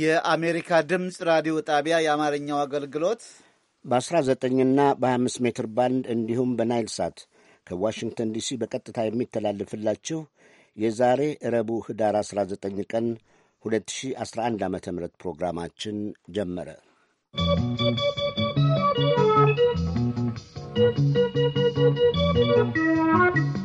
የአሜሪካ ድምፅ ራዲዮ ጣቢያ የአማርኛው አገልግሎት በ19ና በ25 ሜትር ባንድ እንዲሁም በናይል ሳት ከዋሽንግተን ዲሲ በቀጥታ የሚተላልፍላችሁ የዛሬ ረቡ ህዳር 19 ቀን 2011 ዓ ም ፕሮግራማችን ጀመረ። ¶¶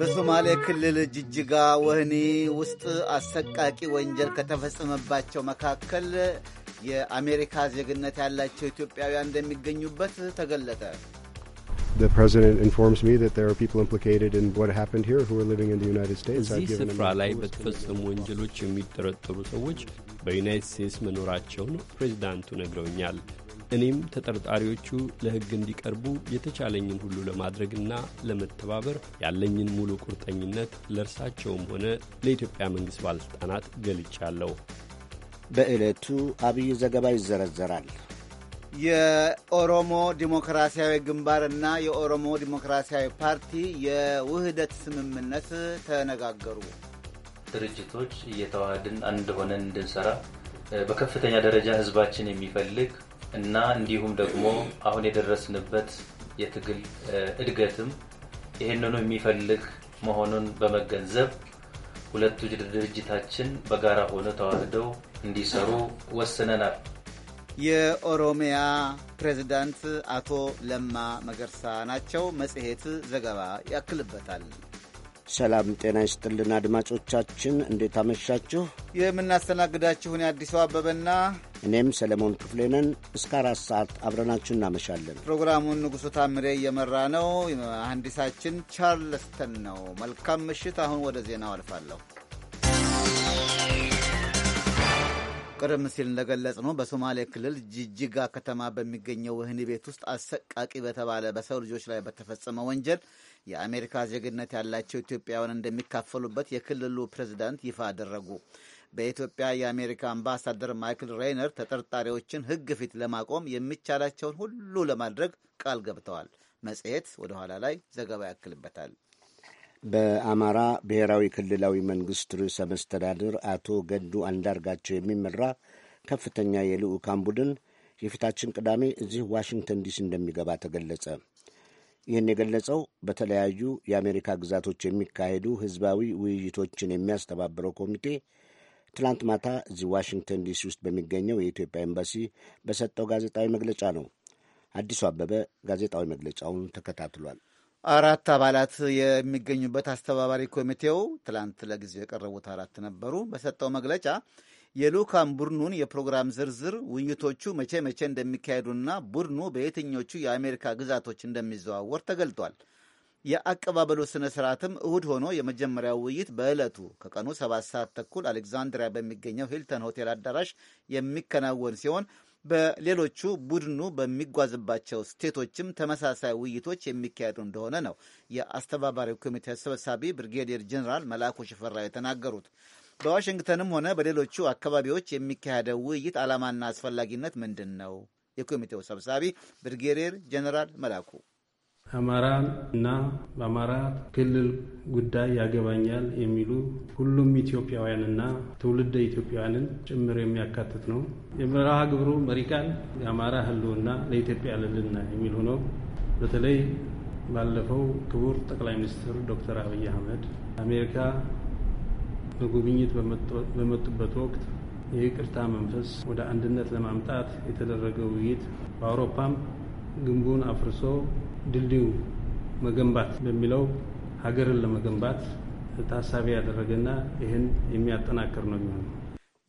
በሶማሌ ክልል ጅጅጋ ወህኒ ውስጥ አሰቃቂ ወንጀል ከተፈጸመባቸው መካከል የአሜሪካ ዜግነት ያላቸው ኢትዮጵያውያን እንደሚገኙበት ተገለጠ። እዚህ ስፍራ ላይ በተፈጸሙ ወንጀሎች የሚጠረጠሩ ሰዎች በዩናይትድ ስቴትስ መኖራቸውን ፕሬዚዳንቱ ነግረውኛል። እኔም ተጠርጣሪዎቹ ለሕግ እንዲቀርቡ የተቻለኝን ሁሉ ለማድረግና ለመተባበር ያለኝን ሙሉ ቁርጠኝነት ለእርሳቸውም ሆነ ለኢትዮጵያ መንግሥት ባለሥልጣናት ገልጫለሁ። በዕለቱ አብይ ዘገባ ይዘረዘራል። የኦሮሞ ዲሞክራሲያዊ ግንባርና የኦሮሞ ዲሞክራሲያዊ ፓርቲ የውህደት ስምምነት ተነጋገሩ። ድርጅቶች እየተዋህድን አንድ ሆነን እንድንሰራ በከፍተኛ ደረጃ ህዝባችን የሚፈልግ እና እንዲሁም ደግሞ አሁን የደረስንበት የትግል እድገትም ይህንኑ የሚፈልግ መሆኑን በመገንዘብ ሁለቱ ድርጅታችን በጋራ ሆነው ተዋህደው እንዲሰሩ ወስነናል። የኦሮሚያ ፕሬዚዳንት አቶ ለማ መገርሳ ናቸው። መጽሔት ዘገባ ያክልበታል። ሰላም ጤና ይስጥልን አድማጮቻችን፣ እንዴት አመሻችሁ? የምናስተናግዳችሁን የአዲሱ አበበና እኔም ሰለሞን ክፍሌ ነን። እስከ አራት ሰዓት አብረናችሁ እናመሻለን። ፕሮግራሙን ንጉሡ ታምሬ እየመራ ነው። መሐንዲሳችን ቻርልስተን ነው። መልካም ምሽት። አሁን ወደ ዜናው አልፋለሁ። ቀደም ሲል እንደገለጽ ነው በሶማሌ ክልል ጅጅጋ ከተማ በሚገኘው ወህኒ ቤት ውስጥ አሰቃቂ በተባለ በሰው ልጆች ላይ በተፈጸመ ወንጀል የአሜሪካ ዜግነት ያላቸው ኢትዮጵያውያን እንደሚካፈሉበት የክልሉ ፕሬዚዳንት ይፋ አደረጉ። በኢትዮጵያ የአሜሪካ አምባሳደር ማይክል ሬይነር ተጠርጣሪዎችን ሕግ ፊት ለማቆም የሚቻላቸውን ሁሉ ለማድረግ ቃል ገብተዋል። መጽሔት ወደ ኋላ ላይ ዘገባ ያክልበታል። በአማራ ብሔራዊ ክልላዊ መንግሥት ርዕሰ መስተዳድር አቶ ገዱ አንዳርጋቸው የሚመራ ከፍተኛ የልዑካን ቡድን የፊታችን ቅዳሜ እዚህ ዋሽንግተን ዲሲ እንደሚገባ ተገለጸ። ይህን የገለጸው በተለያዩ የአሜሪካ ግዛቶች የሚካሄዱ ሕዝባዊ ውይይቶችን የሚያስተባብረው ኮሚቴ ትላንት ማታ እዚህ ዋሽንግተን ዲሲ ውስጥ በሚገኘው የኢትዮጵያ ኤምባሲ በሰጠው ጋዜጣዊ መግለጫ ነው። አዲሱ አበበ ጋዜጣዊ መግለጫውን ተከታትሏል። አራት አባላት የሚገኙበት አስተባባሪ ኮሚቴው ትላንት ለጊዜው የቀረቡት አራት ነበሩ። በሰጠው መግለጫ የልዑካን ቡድኑን የፕሮግራም ዝርዝር፣ ውይይቶቹ መቼ መቼ እንደሚካሄዱና ቡድኑ በየትኞቹ የአሜሪካ ግዛቶች እንደሚዘዋወር ተገልጧል። የአቀባበሉ ስነ ስርዓትም እሁድ ሆኖ የመጀመሪያው ውይይት በዕለቱ ከቀኑ ሰባት ሰዓት ተኩል አሌክዛንድሪያ በሚገኘው ሂልተን ሆቴል አዳራሽ የሚከናወን ሲሆን በሌሎቹ ቡድኑ በሚጓዝባቸው ስቴቶችም ተመሳሳይ ውይይቶች የሚካሄዱ እንደሆነ ነው የአስተባባሪው ኮሚቴ ሰብሳቢ ብሪጌዲየር ጀኔራል መልአኩ ሽፈራው የተናገሩት። በዋሽንግተንም ሆነ በሌሎቹ አካባቢዎች የሚካሄደው ውይይት ዓላማና አስፈላጊነት ምንድን ነው? የኮሚቴው ሰብሳቢ ብሪጌዲየር ጀኔራል መልአኩ አማራን እና በአማራ ክልል ጉዳይ ያገባኛል የሚሉ ሁሉም ኢትዮጵያውያንና ትውልደ ኢትዮጵያውያንን ጭምር የሚያካትት ነው። የመርሃ ግብሩ መሪ ቃል የአማራ ሕልውና ለኢትዮጵያ ልልና የሚል ሆኖ በተለይ ባለፈው ክቡር ጠቅላይ ሚኒስትር ዶክተር አብይ አህመድ አሜሪካ በጉብኝት በመጡበት ወቅት የይቅርታ መንፈስ ወደ አንድነት ለማምጣት የተደረገ ውይይት በአውሮፓም ግንቡን አፍርሶ ድልድዩ መገንባት በሚለው ሀገርን ለመገንባት ታሳቢ ያደረገና ይህን የሚያጠናክር ነው የሚሆነው።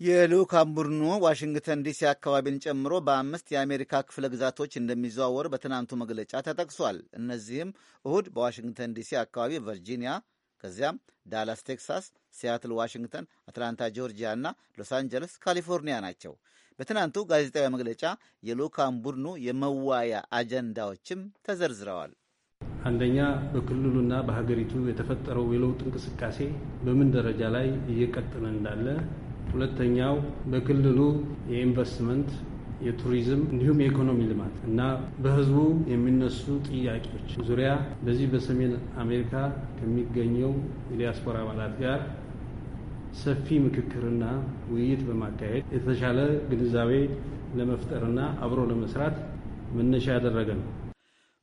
የልዑካን ቡድኑ ዋሽንግተን ዲሲ አካባቢን ጨምሮ በአምስት የአሜሪካ ክፍለ ግዛቶች እንደሚዘዋወር በትናንቱ መግለጫ ተጠቅሷል። እነዚህም እሁድ በዋሽንግተን ዲሲ አካባቢ ቨርጂኒያ፣ ከዚያም ዳላስ ቴክሳስ፣ ሲያትል ዋሽንግተን፣ አትላንታ ጆርጂያ እና ሎስ አንጀለስ ካሊፎርኒያ ናቸው። በትናንቱ ጋዜጣዊ መግለጫ የሎካም ቡድኑ የመዋያ አጀንዳዎችም ተዘርዝረዋል። አንደኛ በክልሉና በሀገሪቱ የተፈጠረው የለውጥ እንቅስቃሴ በምን ደረጃ ላይ እየቀጠለ እንዳለ፣ ሁለተኛው በክልሉ የኢንቨስትመንት የቱሪዝም እንዲሁም የኢኮኖሚ ልማት እና በህዝቡ የሚነሱ ጥያቄዎች ዙሪያ በዚህ በሰሜን አሜሪካ ከሚገኘው የዲያስፖራ አባላት ጋር ሰፊ ምክክርና ውይይት በማካሄድ የተሻለ ግንዛቤ ለመፍጠርና አብሮ ለመስራት መነሻ ያደረገ ነው።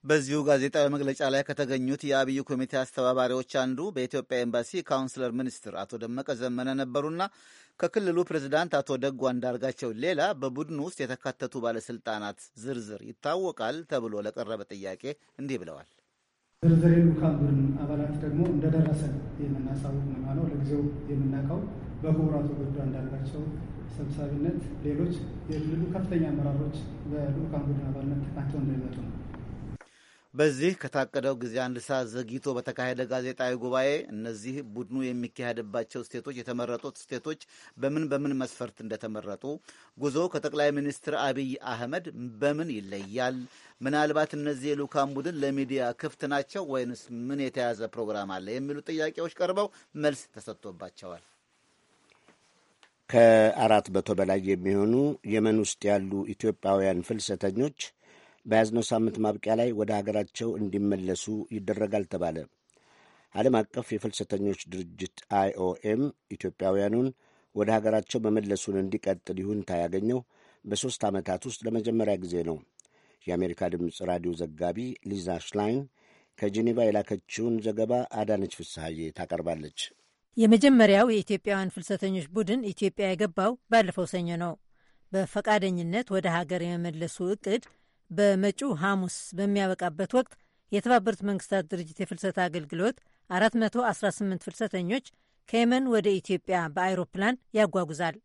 በዚሁ ጋዜጣዊ መግለጫ ላይ ከተገኙት የአብይ ኮሚቴ አስተባባሪዎች አንዱ በኢትዮጵያ ኤምባሲ ካውንስለር ሚኒስትር አቶ ደመቀ ዘመነ ነበሩና ከክልሉ ፕሬዚዳንት አቶ ደጉ አንዳርጋቸው ሌላ በቡድኑ ውስጥ የተካተቱ ባለስልጣናት ዝርዝር ይታወቃል ተብሎ ለቀረበ ጥያቄ እንዲህ ብለዋል። ዝርዝር የልዑካን ቡድን አባላት ደግሞ እንደደረሰ የምናሳውቅ ነው የሚሆነው። ለጊዜው የምናውቀው በክቡራቱ ጉዳ እንዳላቸው ሰብሳቢነት ሌሎች የክልሉ ከፍተኛ አመራሮች በልዑካን ቡድን አባልነት ተካተው እንደሚመጡ ነው። በዚህ ከታቀደው ጊዜ አንድ ሰዓት ዘግይቶ በተካሄደ ጋዜጣዊ ጉባኤ እነዚህ ቡድኑ የሚካሄድባቸው ስቴቶች የተመረጡት ስቴቶች በምን በምን መስፈርት እንደተመረጡ፣ ጉዞው ከጠቅላይ ሚኒስትር አብይ አህመድ በምን ይለያል፣ ምናልባት እነዚህ የልኡካን ቡድን ለሚዲያ ክፍት ናቸው ወይንስ ምን የተያዘ ፕሮግራም አለ የሚሉ ጥያቄዎች ቀርበው መልስ ተሰጥቶባቸዋል። ከአራት መቶ በላይ የሚሆኑ የመን ውስጥ ያሉ ኢትዮጵያውያን ፍልሰተኞች በያዝነው ሳምንት ማብቂያ ላይ ወደ ሀገራቸው እንዲመለሱ ይደረጋል ተባለ። ዓለም አቀፍ የፍልሰተኞች ድርጅት አይኦኤም ኢትዮጵያውያኑን ወደ ሀገራቸው መመለሱን እንዲቀጥል ይሁንታ ያገኘው በሦስት ዓመታት ውስጥ ለመጀመሪያ ጊዜ ነው። የአሜሪካ ድምፅ ራዲዮ ዘጋቢ ሊዛ ሽላይን ከጄኔቫ የላከችውን ዘገባ አዳነች ፍስሐዬ ታቀርባለች። የመጀመሪያው የኢትዮጵያውያን ፍልሰተኞች ቡድን ኢትዮጵያ የገባው ባለፈው ሰኞ ነው። በፈቃደኝነት ወደ ሀገር የመመለሱ እቅድ በመጪው ሐሙስ በሚያበቃበት ወቅት የተባበሩት መንግስታት ድርጅት የፍልሰት አገልግሎት 418 ፍልሰተኞች ከየመን ወደ ኢትዮጵያ በአይሮፕላን ያጓጉዛል።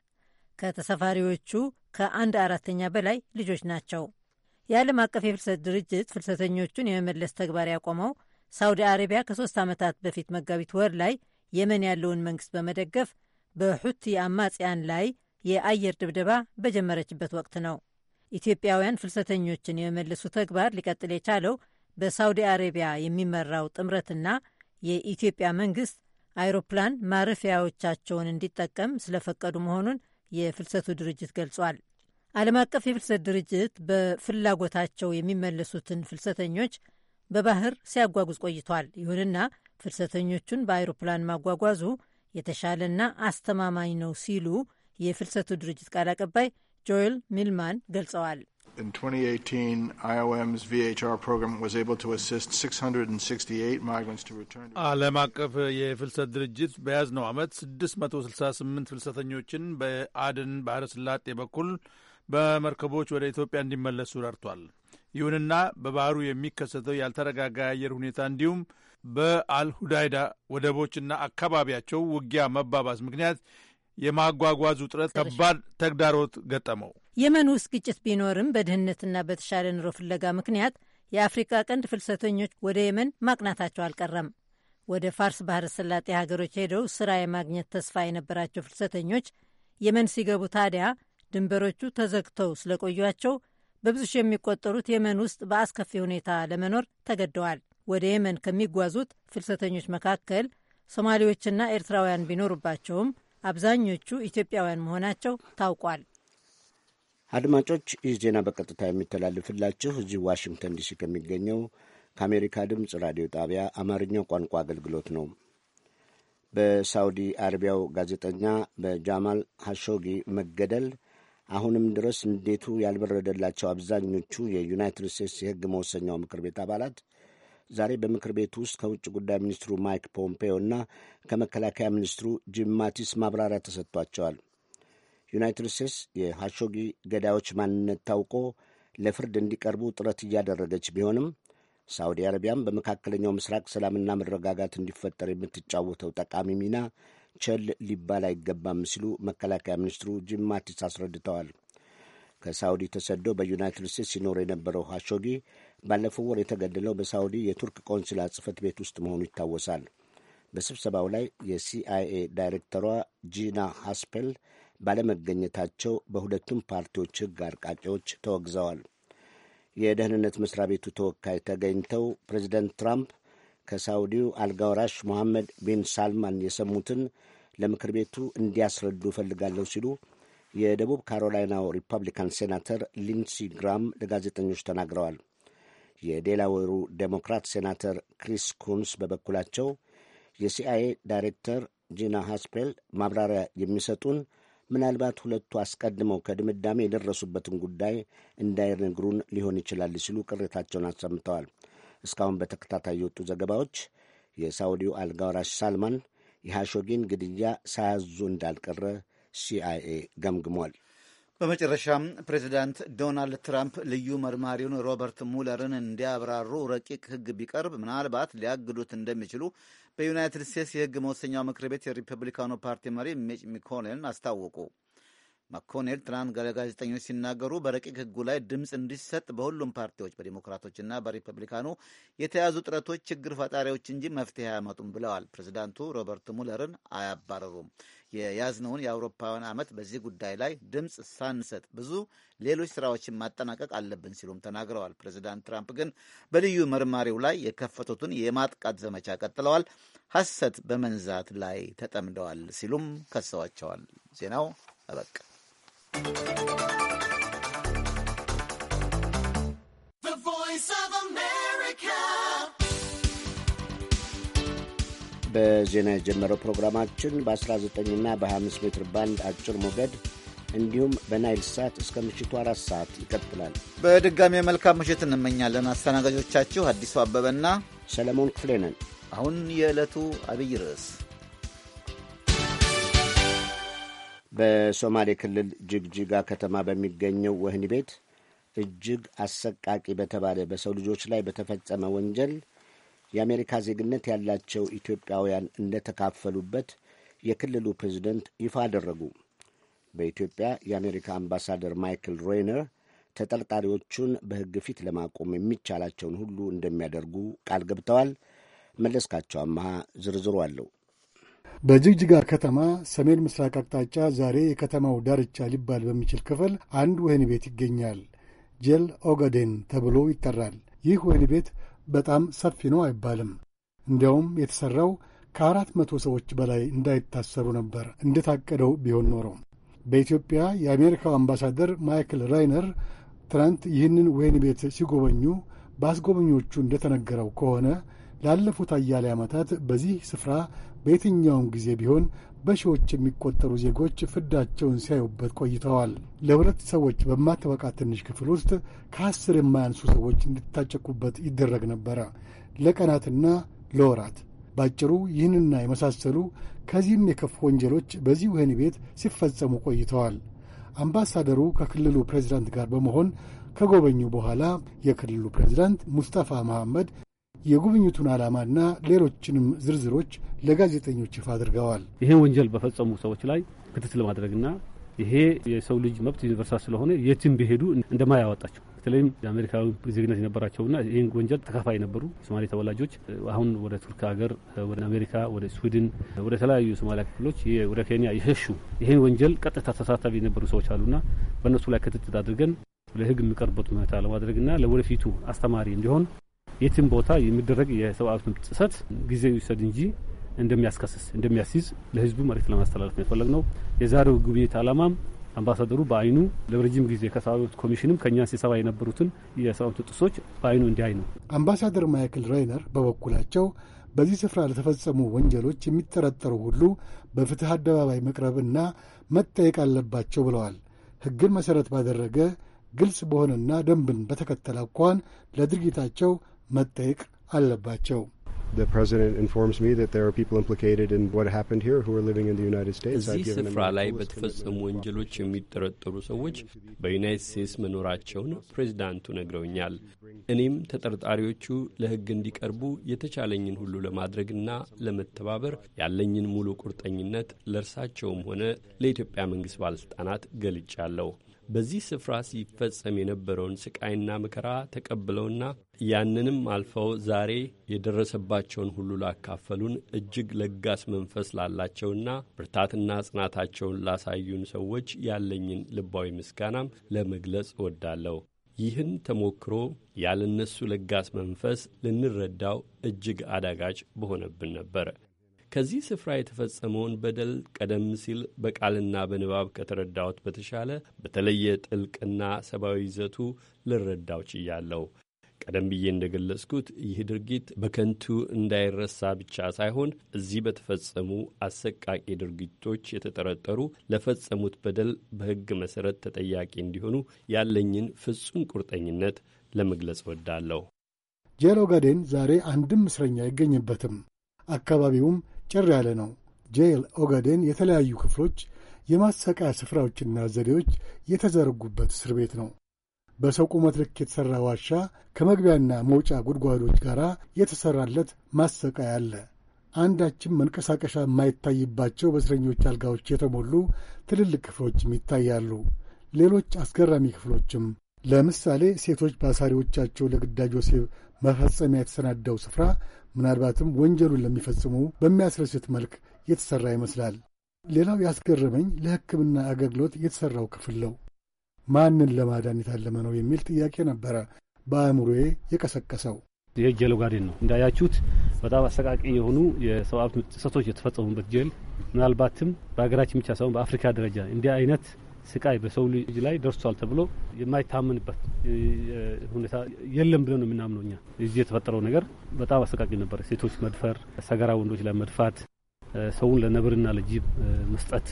ከተሰፋሪዎቹ ከአንድ አራተኛ በላይ ልጆች ናቸው። የዓለም አቀፍ የፍልሰት ድርጅት ፍልሰተኞቹን የመመለስ ተግባር ያቆመው ሳውዲ አረቢያ ከሶስት ዓመታት በፊት መጋቢት ወር ላይ የመን ያለውን መንግስት በመደገፍ በሑቲ አማጽያን ላይ የአየር ድብደባ በጀመረችበት ወቅት ነው። ኢትዮጵያውያን ፍልሰተኞችን የመመለሱ ተግባር ሊቀጥል የቻለው በሳውዲ አረቢያ የሚመራው ጥምረትና የኢትዮጵያ መንግስት አይሮፕላን ማረፊያዎቻቸውን እንዲጠቀም ስለፈቀዱ መሆኑን የፍልሰቱ ድርጅት ገልጿል። ዓለም አቀፍ የፍልሰት ድርጅት በፍላጎታቸው የሚመለሱትን ፍልሰተኞች በባህር ሲያጓጉዝ ቆይቷል። ይሁንና ፍልሰተኞቹን በአይሮፕላን ማጓጓዙ የተሻለና አስተማማኝ ነው ሲሉ የፍልሰቱ ድርጅት ቃል አቀባይ ጆኤል ሚልማን ገልጸዋል። ዓለም አቀፍ የፍልሰት ድርጅት በያዝነው ዓመት 668 ፍልሰተኞችን በአድን ባህረ ስላጤ በኩል በመርከቦች ወደ ኢትዮጵያ እንዲመለሱ ረድቷል። ይሁንና በባህሩ የሚከሰተው ያልተረጋጋ የአየር ሁኔታ እንዲሁም በአልሁዳይዳ ወደቦችና አካባቢያቸው ውጊያ መባባስ ምክንያት የማጓጓዝ ውጥረት ከባድ ተግዳሮት ገጠመው። የመን ውስጥ ግጭት ቢኖርም በድህነትና በተሻለ ኑሮ ፍለጋ ምክንያት የአፍሪካ ቀንድ ፍልሰተኞች ወደ የመን ማቅናታቸው አልቀረም። ወደ ፋርስ ባህረ ሰላጤ ሀገሮች ሄደው ስራ የማግኘት ተስፋ የነበራቸው ፍልሰተኞች የመን ሲገቡ ታዲያ ድንበሮቹ ተዘግተው ስለቆዩቸው በብዙ ሺህ የሚቆጠሩት የመን ውስጥ በአስከፊ ሁኔታ ለመኖር ተገደዋል። ወደ የመን ከሚጓዙት ፍልሰተኞች መካከል ሶማሌዎችና ኤርትራውያን ቢኖሩባቸውም አብዛኞቹ ኢትዮጵያውያን መሆናቸው ታውቋል። አድማጮች፣ ይህ ዜና በቀጥታ የሚተላልፍላችሁ እዚህ ዋሽንግተን ዲሲ ከሚገኘው ከአሜሪካ ድምፅ ራዲዮ ጣቢያ አማርኛው ቋንቋ አገልግሎት ነው። በሳውዲ አረቢያው ጋዜጠኛ በጃማል ሐሾጊ መገደል አሁንም ድረስ እንዴቱ ያልበረደላቸው አብዛኞቹ የዩናይትድ ስቴትስ የሕግ መወሰኛው ምክር ቤት አባላት ዛሬ በምክር ቤቱ ውስጥ ከውጭ ጉዳይ ሚኒስትሩ ማይክ ፖምፔዮ እና ከመከላከያ ሚኒስትሩ ጂም ማቲስ ማብራሪያ ተሰጥቷቸዋል። ዩናይትድ ስቴትስ የሐሾጊ ገዳዮች ማንነት ታውቆ ለፍርድ እንዲቀርቡ ጥረት እያደረገች ቢሆንም ሳዑዲ አረቢያም በመካከለኛው ምስራቅ ሰላምና መረጋጋት እንዲፈጠር የምትጫወተው ጠቃሚ ሚና ቸል ሊባል አይገባም ሲሉ መከላከያ ሚኒስትሩ ጂም ማቲስ አስረድተዋል። ከሳውዲ ተሰዶ በዩናይትድ ስቴትስ ሲኖር የነበረው ሃሾጊ ባለፈው ወር የተገደለው በሳውዲ የቱርክ ቆንስላ ጽህፈት ቤት ውስጥ መሆኑ ይታወሳል። በስብሰባው ላይ የሲአይኤ ዳይሬክተሯ ጂና ሃስፔል ባለመገኘታቸው በሁለቱም ፓርቲዎች ሕግ አርቃቂዎች ተወግዘዋል። የደህንነት መስሪያ ቤቱ ተወካይ ተገኝተው ፕሬዚደንት ትራምፕ ከሳውዲው አልጋወራሽ ሞሐመድ ቢን ሳልማን የሰሙትን ለምክር ቤቱ እንዲያስረዱ እፈልጋለሁ ሲሉ የደቡብ ካሮላይናው ሪፐብሊካን ሴናተር ሊንሲ ግራም ለጋዜጠኞች ተናግረዋል። የዴላዌሩ ዴሞክራት ሴናተር ክሪስ ኩንስ በበኩላቸው የሲአይኤ ዳይሬክተር ጂና ሃስፔል ማብራሪያ የሚሰጡን ምናልባት ሁለቱ አስቀድመው ከድምዳሜ የደረሱበትን ጉዳይ እንዳይነግሩን ሊሆን ይችላል ሲሉ ቅሬታቸውን አሰምተዋል። እስካሁን በተከታታይ የወጡ ዘገባዎች የሳውዲው አልጋራሽ ሳልማን የሐሾጊን ግድያ ሳያዙ እንዳልቀረ ሲአይኤ ገምግሟል። በመጨረሻም ፕሬዚዳንት ዶናልድ ትራምፕ ልዩ መርማሪውን ሮበርት ሙለርን እንዲያብራሩ ረቂቅ ሕግ ቢቀርብ ምናልባት ሊያግዱት እንደሚችሉ በዩናይትድ ስቴትስ የሕግ መወሰኛው ምክር ቤት የሪፐብሊካኑ ፓርቲ መሪ ሚች ሚኮኔልን አስታወቁ። ማኮኔል ትናንት ለጋዜጠኞች ሲናገሩ በረቂቅ ሕጉ ላይ ድምፅ እንዲሰጥ በሁሉም ፓርቲዎች በዲሞክራቶችና በሪፐብሊካኑ የተያዙ ጥረቶች ችግር ፈጣሪዎች እንጂ መፍትሄ አያመጡም ብለዋል። ፕሬዚዳንቱ ሮበርት ሙለርን አያባረሩም። የያዝነውን የአውሮፓውያን ዓመት በዚህ ጉዳይ ላይ ድምፅ ሳንሰጥ ብዙ ሌሎች ስራዎችን ማጠናቀቅ አለብን ሲሉም ተናግረዋል። ፕሬዚዳንት ትራምፕ ግን በልዩ መርማሪው ላይ የከፈቱትን የማጥቃት ዘመቻ ቀጥለዋል፣ ሐሰት በመንዛት ላይ ተጠምደዋል ሲሉም ከሰዋቸዋል። ዜናው አበቃ። በዜና የጀመረው ፕሮግራማችን በ19ና በ25 ሜትር ባንድ አጭር ሞገድ እንዲሁም በናይል ሳት እስከ ምሽቱ አራት ሰዓት ይቀጥላል። በድጋሚ መልካም ምሽት እንመኛለን። አስተናጋጆቻችሁ አዲሱ አበበና ሰለሞን ክፍሌ ነን። አሁን የዕለቱ አብይ ርዕስ በሶማሌ ክልል ጅግጅጋ ከተማ በሚገኘው ወህኒ ቤት እጅግ አሰቃቂ በተባለ በሰው ልጆች ላይ በተፈጸመ ወንጀል የአሜሪካ ዜግነት ያላቸው ኢትዮጵያውያን እንደተካፈሉበት የክልሉ ፕሬዝደንት ይፋ አደረጉ። በኢትዮጵያ የአሜሪካ አምባሳደር ማይክል ሮይነር ተጠርጣሪዎቹን በሕግ ፊት ለማቆም የሚቻላቸውን ሁሉ እንደሚያደርጉ ቃል ገብተዋል። መለስካቸው አመሃ ዝርዝሩ አለው። በጅግጅጋ ከተማ ሰሜን ምስራቅ አቅጣጫ ዛሬ የከተማው ዳርቻ ሊባል በሚችል ክፍል አንድ ወህኒ ቤት ይገኛል። ጄል ኦገዴን ተብሎ ይጠራል። ይህ ወህኒ ቤት በጣም ሰፊ ነው አይባልም። እንዲያውም የተሠራው ከአራት መቶ ሰዎች በላይ እንዳይታሰሩ ነበር እንደታቀደው ቢሆን ኖረው። በኢትዮጵያ የአሜሪካው አምባሳደር ማይክል ራይነር ትናንት ይህንን ወህኒ ቤት ሲጎበኙ በአስጎበኞቹ እንደተነገረው ከሆነ ላለፉት አያሌ ዓመታት በዚህ ስፍራ በየትኛውም ጊዜ ቢሆን በሺዎች የሚቆጠሩ ዜጎች ፍዳቸውን ሲያዩበት ቆይተዋል። ለሁለት ሰዎች በማትበቃ ትንሽ ክፍል ውስጥ ከአስር የማያንሱ ሰዎች እንዲታጨቁበት ይደረግ ነበረ ለቀናትና ለወራት። ባጭሩ ይህንና የመሳሰሉ ከዚህም የከፉ ወንጀሎች በዚህ ወህኒ ቤት ሲፈጸሙ ቆይተዋል። አምባሳደሩ ከክልሉ ፕሬዚዳንት ጋር በመሆን ከጎበኙ በኋላ የክልሉ ፕሬዚዳንት ሙስጠፋ መሐመድ የጉብኝቱን ዓላማና ሌሎችንም ዝርዝሮች ለጋዜጠኞች ይፋ አድርገዋል። ይህን ወንጀል በፈጸሙ ሰዎች ላይ ክትትል ለማድረግና ይሄ የሰው ልጅ መብት ዩኒቨርሳል ስለሆነ የትም ቢሄዱ እንደማያወጣቸው በተለይም የአሜሪካዊ ዜግነት የነበራቸውና ይህን ወንጀል ተካፋይ የነበሩ የሶማሌ ተወላጆች አሁን ወደ ቱርክ ሀገር፣ ወደ አሜሪካ፣ ወደ ስዊድን፣ ወደ ተለያዩ የሶማሊያ ክፍሎች፣ ወደ ኬንያ የሸሹ ይህን ወንጀል ቀጥታ ተሳታፊ የነበሩ ሰዎች አሉና በእነሱ ላይ ክትትል አድርገን ለህግ የሚቀርበት ሁኔታ ለማድረግና ለወደፊቱ አስተማሪ እንዲሆን የትም ቦታ የሚደረግ የሰብአዊ መብት ጥሰት ጊዜ ይውሰድ እንጂ እንደሚያስከስስ እንደሚያስይዝ ለህዝቡ መሬት ለማስተላለፍ ነው የፈለግነው። የዛሬው ጉብኝት ዓላማም አምባሳደሩ በአይኑ ለረጅም ጊዜ ከሰብአዊ መብት ኮሚሽንም ከእኛ ሲሰባ የነበሩትን የሰብአዊ መብት ጥሰቶች በአይኑ እንዲያይ ነው። አምባሳደር ማይክል ሬይነር በበኩላቸው በዚህ ስፍራ ለተፈጸሙ ወንጀሎች የሚጠረጠሩ ሁሉ በፍትህ አደባባይ መቅረብና መጠየቅ አለባቸው ብለዋል። ህግን መሠረት ባደረገ ግልጽ በሆነና ደንብን በተከተለ አኳኋን ለድርጊታቸው መጠየቅ አለባቸው። እዚህ ስፍራ ላይ በተፈጸሙ ወንጀሎች የሚጠረጠሩ ሰዎች በዩናይት ስቴትስ መኖራቸውን ፕሬዚዳንቱ ነግረውኛል። እኔም ተጠርጣሪዎቹ ለሕግ እንዲቀርቡ የተቻለኝን ሁሉ ለማድረግና ለመተባበር ያለኝን ሙሉ ቁርጠኝነት ለእርሳቸውም ሆነ ለኢትዮጵያ መንግሥት ባለሥልጣናት ገልጫለሁ። በዚህ ስፍራ ሲፈጸም የነበረውን ስቃይና መከራ ተቀብለውና ያንንም አልፈው ዛሬ የደረሰባቸውን ሁሉ ላካፈሉን እጅግ ለጋስ መንፈስ ላላቸውና ብርታትና ጽናታቸውን ላሳዩን ሰዎች ያለኝን ልባዊ ምስጋናም ለመግለጽ እወዳለሁ። ይህን ተሞክሮ ያለነሱ ለጋስ መንፈስ ልንረዳው እጅግ አዳጋጭ በሆነብን ነበር። ከዚህ ስፍራ የተፈጸመውን በደል ቀደም ሲል በቃልና በንባብ ከተረዳሁት በተሻለ በተለየ ጥልቅና ሰብአዊ ይዘቱ ልረዳው ችያለሁ። ቀደም ብዬ እንደገለጽኩት ይህ ድርጊት በከንቱ እንዳይረሳ ብቻ ሳይሆን እዚህ በተፈጸሙ አሰቃቂ ድርጊቶች የተጠረጠሩ ለፈጸሙት በደል በሕግ መሠረት ተጠያቂ እንዲሆኑ ያለኝን ፍጹም ቁርጠኝነት ለመግለጽ ወዳለሁ። ጄሎ ጋዴን ዛሬ አንድም እስረኛ አይገኝበትም። አካባቢውም ጭር ያለ ነው። ጄል ኦጋዴን የተለያዩ ክፍሎች፣ የማሰቃያ ስፍራዎችና ዘዴዎች የተዘረጉበት እስር ቤት ነው። በሰው ቁመት ልክ የተሠራ ዋሻ ከመግቢያና መውጫ ጉድጓዶች ጋር የተሠራለት ማሰቃያ አለ። አንዳችም መንቀሳቀሻ የማይታይባቸው በእስረኞች አልጋዎች የተሞሉ ትልልቅ ክፍሎችም ይታያሉ። ሌሎች አስገራሚ ክፍሎችም ለምሳሌ ሴቶች በአሳሪዎቻቸው ለግዳጅ ወሲብ መፈጸሚያ የተሰናዳው ስፍራ ምናልባትም ወንጀሉን ለሚፈጽሙ በሚያስረስት መልክ የተሠራ ይመስላል። ሌላው ያስገረመኝ ለሕክምና አገልግሎት የተሠራው ክፍል ነው። ማንን ለማዳን የታለመ ነው የሚል ጥያቄ ነበረ በአእምሮዬ የቀሰቀሰው። ይህ ጀል ኦጋዴን ነው እንዳያችሁት፣ በጣም አሰቃቂ የሆኑ የሰብአዊ ጥሰቶች የተፈጸሙበት ጀል። ምናልባትም በሀገራችን ብቻ ሳይሆን በአፍሪካ ደረጃ እንዲህ አይነት ስቃይ በሰው ልጅ ላይ ደርሷል ተብሎ የማይታመንበት ሁኔታ የለም ብለን ነው የምናምነው እኛ። እዚህ የተፈጠረው ነገር በጣም አሰቃቂ ነበር። ሴቶች መድፈር፣ ሰገራ ወንዶች ላይ መድፋት፣ ሰውን ለነብርና ለጅብ መስጠት፣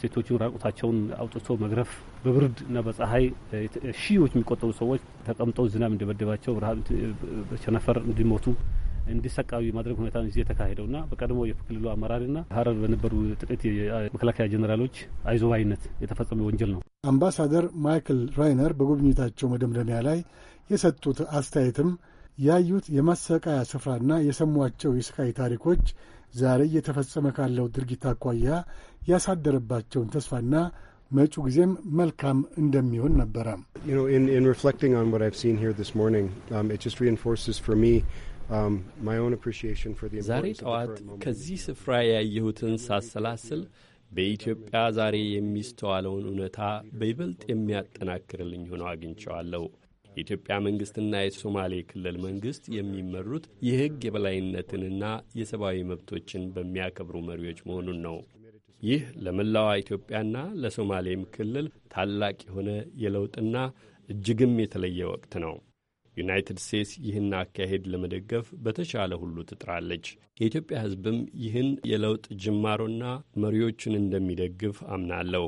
ሴቶቹን ራቁታቸውን አውጥቶ መግረፍ፣ በብርድ እና በፀሐይ ሺዎች የሚቆጠሩ ሰዎች ተቀምጠው ዝናብ እንደበደባቸው በቸነፈር እንዲሞቱ እንዲሰቃዩ የማድረግ ሁኔታ ነው ና በቀድሞ የክልሉ አመራርና ሀረር በነበሩ ጥቂት የመከላከያ ጀኔራሎች አይዞባይነት የተፈጸመ ወንጀል ነው። አምባሳደር ማይክል ራይነር በጉብኝታቸው መደምደሚያ ላይ የሰጡት አስተያየትም ያዩት የማሰቃያ ስፍራና የሰሟቸው የስቃይ ታሪኮች ዛሬ እየተፈጸመ ካለው ድርጊት አኳያ ያሳደረባቸውን ተስፋና መጪው ጊዜም መልካም እንደሚሆን ነበረ። Um, ዛሬ ጠዋት ከዚህ ስፍራ ያየሁትን ሳሰላስል በኢትዮጵያ ዛሬ የሚስተዋለውን እውነታ በይበልጥ የሚያጠናክርልኝ ሆነ አግኝቸዋለሁ። የኢትዮጵያ መንግሥትና የሶማሌ ክልል መንግሥት የሚመሩት የሕግ የበላይነትንና የሰብአዊ መብቶችን በሚያከብሩ መሪዎች መሆኑን ነው። ይህ ለመላዋ ኢትዮጵያና ለሶማሌም ክልል ታላቅ የሆነ የለውጥና እጅግም የተለየ ወቅት ነው። ዩናይትድ ስቴትስ ይህን አካሄድ ለመደገፍ በተቻለ ሁሉ ትጥራለች። የኢትዮጵያ ሕዝብም ይህን የለውጥ ጅማሮና መሪዎቹን እንደሚደግፍ አምናለሁ።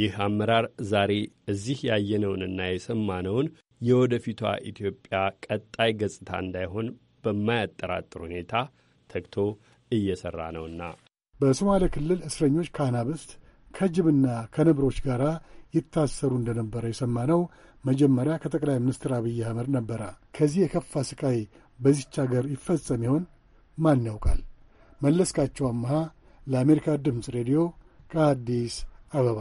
ይህ አመራር ዛሬ እዚህ ያየነውንና የሰማነውን የወደፊቷ ኢትዮጵያ ቀጣይ ገጽታ እንዳይሆን በማያጠራጥር ሁኔታ ተግቶ እየሠራ ነውና በሶማሌ ክልል እስረኞች ከአናብስት ከጅብና ከነብሮች ጋር ይታሰሩ እንደነበረ የሰማነው መጀመሪያ ከጠቅላይ ሚኒስትር አብይ አህመድ ነበረ። ከዚህ የከፋ ስቃይ በዚች አገር ይፈጸም ይሆን? ማን ያውቃል? መለስካቸው አምሃ ለአሜሪካ ድምፅ ሬዲዮ ከአዲስ አበባ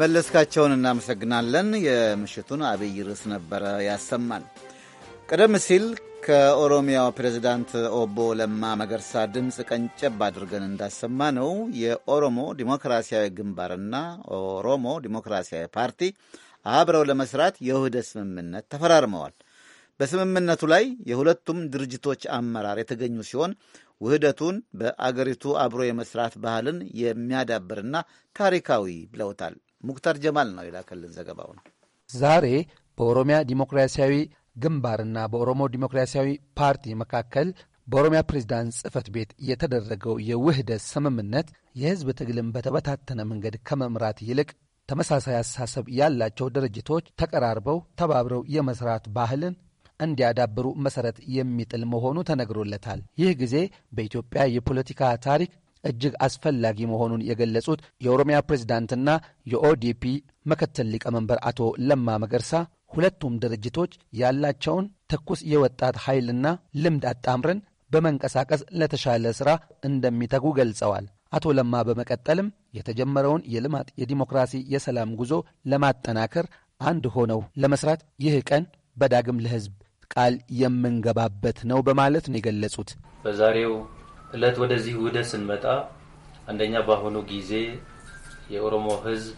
መለስካቸውን እናመሰግናለን። የምሽቱን አብይ ርዕስ ነበረ ያሰማል። ቀደም ሲል ከኦሮሚያው ፕሬዚዳንት ኦቦ ለማ መገርሳ ድምፅ ቀንጨብ አድርገን እንዳሰማ ነው የኦሮሞ ዲሞክራሲያዊ ግንባርና ኦሮሞ ዲሞክራሲያዊ ፓርቲ አብረው ለመስራት የውህደት ስምምነት ተፈራርመዋል። በስምምነቱ ላይ የሁለቱም ድርጅቶች አመራር የተገኙ ሲሆን ውህደቱን በአገሪቱ አብሮ የመስራት ባህልን የሚያዳብርና ታሪካዊ ብለውታል። ሙክታር ጀማል ነው የላከልን ነው። ዛሬ በኦሮሚያ ዲሞክራሲያዊ ግንባርና በኦሮሞ ዲሞክራሲያዊ ፓርቲ መካከል በኦሮሚያ ፕሬዝዳንት ጽህፈት ቤት የተደረገው የውህደት ስምምነት የህዝብ ትግልን በተበታተነ መንገድ ከመምራት ይልቅ ተመሳሳይ አስተሳሰብ ያላቸው ድርጅቶች ተቀራርበው ተባብረው የመስራት ባህልን እንዲያዳብሩ መሰረት የሚጥል መሆኑ ተነግሮለታል። ይህ ጊዜ በኢትዮጵያ የፖለቲካ ታሪክ እጅግ አስፈላጊ መሆኑን የገለጹት የኦሮሚያ ፕሬዚዳንትና የኦዲፒ ምክትል ሊቀመንበር አቶ ለማ መገርሳ ሁለቱም ድርጅቶች ያላቸውን ትኩስ የወጣት ኃይልና ልምድ አጣምረን በመንቀሳቀስ ለተሻለ ሥራ እንደሚተጉ ገልጸዋል። አቶ ለማ በመቀጠልም የተጀመረውን የልማት፣ የዲሞክራሲ፣ የሰላም ጉዞ ለማጠናከር አንድ ሆነው ለመስራት ይህ ቀን በዳግም ለሕዝብ ቃል የምንገባበት ነው በማለት ነው የገለጹት። በዛሬው እለት ወደዚህ ውህደት ስንመጣ አንደኛ በአሁኑ ጊዜ የኦሮሞ ህዝብ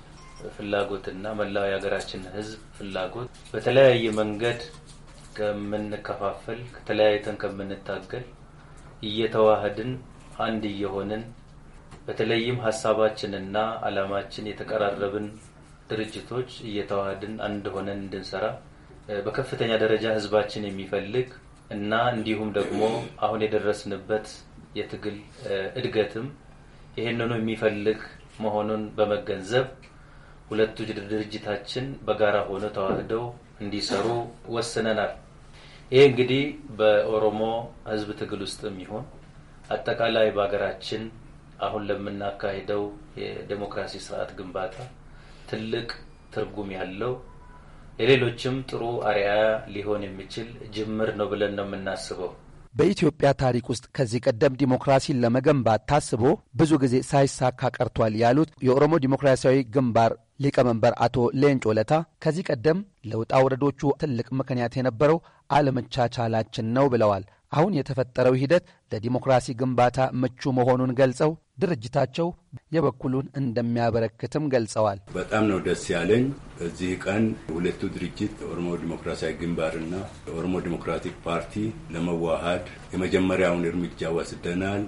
ፍላጎትና መላው የሀገራችን ህዝብ ፍላጎት በተለያየ መንገድ ከምንከፋፈል ከተለያይተን ከምንታገል እየተዋህድን አንድ እየሆንን በተለይም ሀሳባችንና አላማችን የተቀራረብን ድርጅቶች እየተዋህድን አንድ ሆነን እንድንሰራ በከፍተኛ ደረጃ ህዝባችን የሚፈልግ እና እንዲሁም ደግሞ አሁን የደረስንበት የትግል እድገትም ይህንኑ የሚፈልግ መሆኑን በመገንዘብ ሁለቱ ድርጅታችን በጋራ ሆኖ ተዋህደው እንዲሰሩ ወስነናል። ይህ እንግዲህ በኦሮሞ ሕዝብ ትግል ውስጥም ይሁን አጠቃላይ በሀገራችን አሁን ለምናካሄደው የዴሞክራሲ ስርዓት ግንባታ ትልቅ ትርጉም ያለው ለሌሎችም ጥሩ አርአያ ሊሆን የሚችል ጅምር ነው ብለን ነው የምናስበው። በኢትዮጵያ ታሪክ ውስጥ ከዚህ ቀደም ዲሞክራሲን ለመገንባት ታስቦ ብዙ ጊዜ ሳይሳካ ቀርቷል ያሉት የኦሮሞ ዲሞክራሲያዊ ግንባር ሊቀመንበር አቶ ሌንጮ ለታ ከዚህ ቀደም ለውጣ ውረዶቹ ትልቅ ምክንያት የነበረው አለመቻቻላችን ነው ብለዋል። አሁን የተፈጠረው ሂደት ለዲሞክራሲ ግንባታ ምቹ መሆኑን ገልጸው ድርጅታቸው የበኩሉን እንደሚያበረክትም ገልጸዋል። በጣም ነው ደስ ያለኝ። በዚህ ቀን ሁለቱ ድርጅት ኦሮሞ ዲሞክራሲያዊ ግንባርና ኦሮሞ ዲሞክራቲክ ፓርቲ ለመዋሃድ የመጀመሪያውን እርምጃ ወስደናል።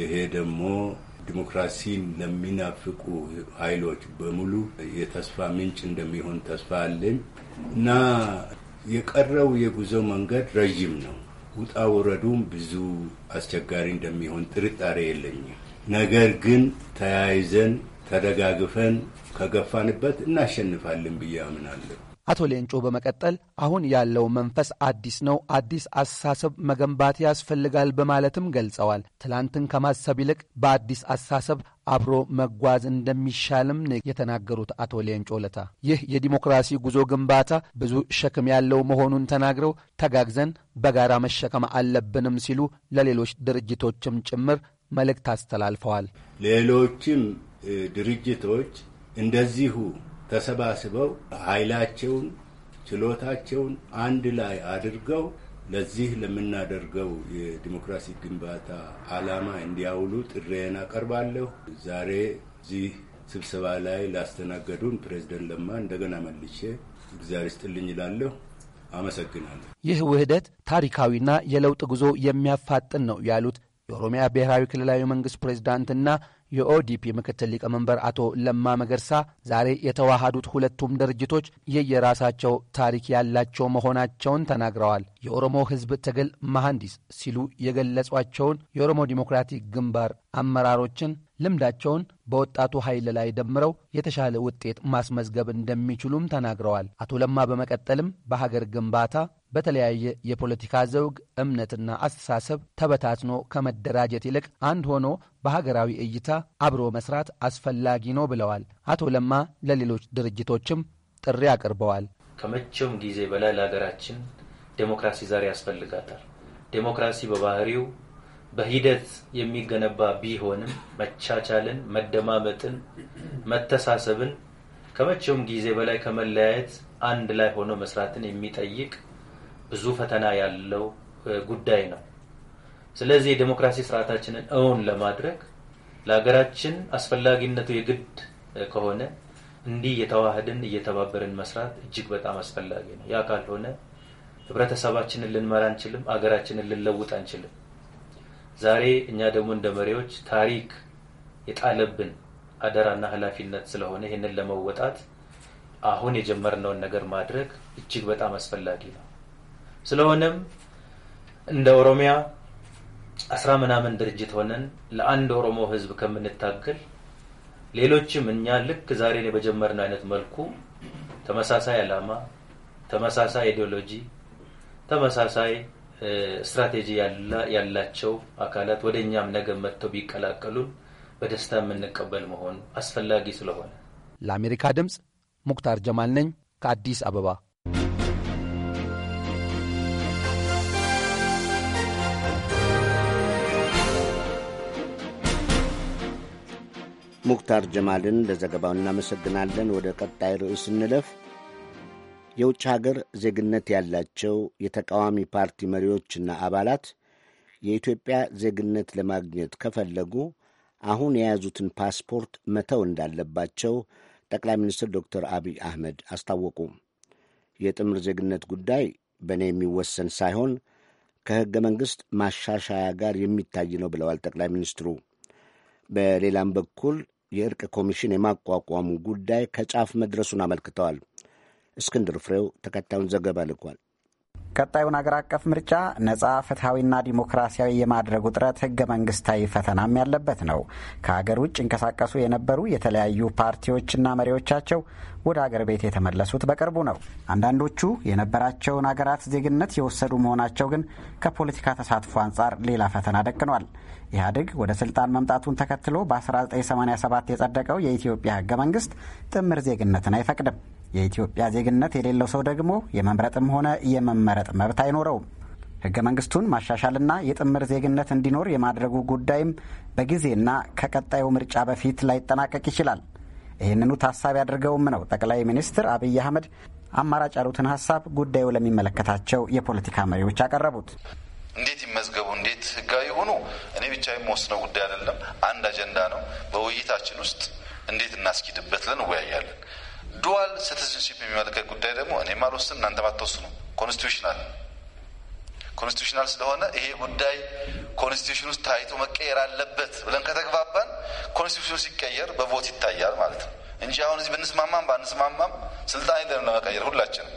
ይሄ ደግሞ ዲሞክራሲን ለሚናፍቁ ኃይሎች በሙሉ የተስፋ ምንጭ እንደሚሆን ተስፋ አለኝ እና የቀረው የጉዞ መንገድ ረዥም ነው ውጣ ውረዱም ብዙ አስቸጋሪ እንደሚሆን ጥርጣሬ የለኝም። ነገር ግን ተያይዘን ተደጋግፈን ከገፋንበት እናሸንፋለን ብዬ አምናለሁ። አቶ ሌንጮ በመቀጠል አሁን ያለው መንፈስ አዲስ ነው፣ አዲስ አስተሳሰብ መገንባት ያስፈልጋል በማለትም ገልጸዋል። ትላንትን ከማሰብ ይልቅ በአዲስ አስተሳሰብ አብሮ መጓዝ እንደሚሻልም የተናገሩት አቶ ሌንጮ ለታ ይህ የዲሞክራሲ ጉዞ ግንባታ ብዙ ሸክም ያለው መሆኑን ተናግረው ተጋግዘን በጋራ መሸከም አለብንም ሲሉ ለሌሎች ድርጅቶችም ጭምር መልእክት አስተላልፈዋል። ሌሎችም ድርጅቶች እንደዚሁ ተሰባስበው ኃይላቸውን፣ ችሎታቸውን አንድ ላይ አድርገው ለዚህ ለምናደርገው የዲሞክራሲ ግንባታ ዓላማ እንዲያውሉ ጥሬን አቀርባለሁ። ዛሬ እዚህ ስብሰባ ላይ ላስተናገዱን ፕሬዝደንት ለማ እንደገና መልሼ እግዚአብሔር ይስጥልኝ እላለሁ። አመሰግናለሁ። ይህ ውህደት ታሪካዊና የለውጥ ጉዞ የሚያፋጥን ነው ያሉት የኦሮሚያ ብሔራዊ ክልላዊ መንግስት ፕሬዝዳንትና የኦዲፒ ምክትል ሊቀመንበር አቶ ለማ መገርሳ ዛሬ የተዋሃዱት ሁለቱም ድርጅቶች የየራሳቸው ታሪክ ያላቸው መሆናቸውን ተናግረዋል። የኦሮሞ ሕዝብ ትግል መሐንዲስ ሲሉ የገለጿቸውን የኦሮሞ ዲሞክራቲክ ግንባር አመራሮችን ልምዳቸውን በወጣቱ ኃይል ላይ ደምረው የተሻለ ውጤት ማስመዝገብ እንደሚችሉም ተናግረዋል። አቶ ለማ በመቀጠልም በሀገር ግንባታ በተለያየ የፖለቲካ ዘውግ እምነትና አስተሳሰብ ተበታትኖ ከመደራጀት ይልቅ አንድ ሆኖ በሀገራዊ እይታ አብሮ መስራት አስፈላጊ ነው ብለዋል አቶ ለማ። ለሌሎች ድርጅቶችም ጥሪ አቅርበዋል። ከመቼውም ጊዜ በላይ ለሀገራችን ዴሞክራሲ ዛሬ ያስፈልጋታል። ዴሞክራሲ በባህሪው በሂደት የሚገነባ ቢሆንም መቻቻልን፣ መደማመጥን፣ መተሳሰብን ከመቼውም ጊዜ በላይ ከመለያየት አንድ ላይ ሆኖ መስራትን የሚጠይቅ ብዙ ፈተና ያለው ጉዳይ ነው። ስለዚህ የዴሞክራሲ ስርዓታችንን እውን ለማድረግ ለሀገራችን አስፈላጊነቱ የግድ ከሆነ እንዲህ የተዋህድን እየተባበርን መስራት እጅግ በጣም አስፈላጊ ነው። ያ ካልሆነ ህብረተሰባችንን ልንመራ አንችልም፣ አገራችንን ልንለውጥ አንችልም። ዛሬ እኛ ደግሞ እንደ መሪዎች ታሪክ የጣለብን አደራና ኃላፊነት ስለሆነ ይህንን ለመወጣት አሁን የጀመርነውን ነገር ማድረግ እጅግ በጣም አስፈላጊ ነው። ስለሆነም እንደ ኦሮሚያ አስራ ምናምን ድርጅት ሆነን ለአንድ ኦሮሞ ህዝብ ከምንታገል ሌሎችም እኛ ልክ ዛሬ በጀመርነው አይነት መልኩ ተመሳሳይ ዓላማ፣ ተመሳሳይ ኢዲዮሎጂ፣ ተመሳሳይ ስትራቴጂ ያላቸው አካላት ወደ እኛም ነገ መጥተው ቢቀላቀሉን በደስታ የምንቀበል መሆኑ አስፈላጊ ስለሆነ ለአሜሪካ ድምፅ ሙክታር ጀማል ነኝ ከአዲስ አበባ ሙክታር ጀማልን ለዘገባው እናመሰግናለን። ወደ ቀጣይ ርዕስ እንለፍ። የውጭ ሀገር ዜግነት ያላቸው የተቃዋሚ ፓርቲ መሪዎችና አባላት የኢትዮጵያ ዜግነት ለማግኘት ከፈለጉ አሁን የያዙትን ፓስፖርት መተው እንዳለባቸው ጠቅላይ ሚኒስትር ዶክተር አብይ አህመድ አስታወቁ። የጥምር ዜግነት ጉዳይ በእኔ የሚወሰን ሳይሆን ከሕገ መንግሥት ማሻሻያ ጋር የሚታይ ነው ብለዋል ጠቅላይ ሚኒስትሩ በሌላም በኩል የእርቅ ኮሚሽን የማቋቋሙ ጉዳይ ከጫፍ መድረሱን አመልክተዋል። እስክንድር ፍሬው ተከታዩን ዘገባ ልኳል። ቀጣዩን አገር አቀፍ ምርጫ ነጻ ፍትሐዊና ዲሞክራሲያዊ የማድረጉ ጥረት ህገ መንግስታዊ ፈተናም ያለበት ነው። ከሀገር ውጭ ይንቀሳቀሱ የነበሩ የተለያዩ ፓርቲዎችና መሪዎቻቸው ወደ አገር ቤት የተመለሱት በቅርቡ ነው። አንዳንዶቹ የነበራቸውን አገራት ዜግነት የወሰዱ መሆናቸው ግን ከፖለቲካ ተሳትፎ አንጻር ሌላ ፈተና ደቅኗል። ኢህአዴግ ወደ ስልጣን መምጣቱን ተከትሎ በ1987 የጸደቀው የኢትዮጵያ ህገ መንግስት ጥምር ዜግነትን አይፈቅድም። የኢትዮጵያ ዜግነት የሌለው ሰው ደግሞ የመምረጥም ሆነ የመመረጥ መብት አይኖረውም። ህገ መንግስቱን ማሻሻልና የጥምር ዜግነት እንዲኖር የማድረጉ ጉዳይም በጊዜና ከቀጣዩ ምርጫ በፊት ላይጠናቀቅ ይችላል። ይህንኑ ታሳቢ አድርገውም ነው ጠቅላይ ሚኒስትር አብይ አህመድ አማራጭ ያሉትን ሀሳብ ጉዳዩ ለሚመለከታቸው የፖለቲካ መሪዎች አቀረቡት። እንዴት ይመዝገቡ፣ እንዴት ህጋዊ ሆኑ፣ እኔ ብቻ የምወስነው ጉዳይ አይደለም። አንድ አጀንዳ ነው። በውይይታችን ውስጥ እንዴት እናስኪድበት ለን እንወያያለን። ዱዋል ሲቲዝንሽፕ የሚመለከት ጉዳይ ደግሞ እኔም አልወስንም እናንተም አትወስኑ። ኮንስቲቱሽናል ኮንስቲቱሽናል ስለሆነ ይሄ ጉዳይ ኮንስቲቱሽን ውስጥ ታይቶ መቀየር አለበት ብለን ከተግባባን ኮንስቲቱሽኑ ሲቀየር በቮት ይታያል ማለት ነው እንጂ አሁን እዚህ ብንስማማም ባንስማማም ስልጣን የለንም ለመቀየር ሁላችንም።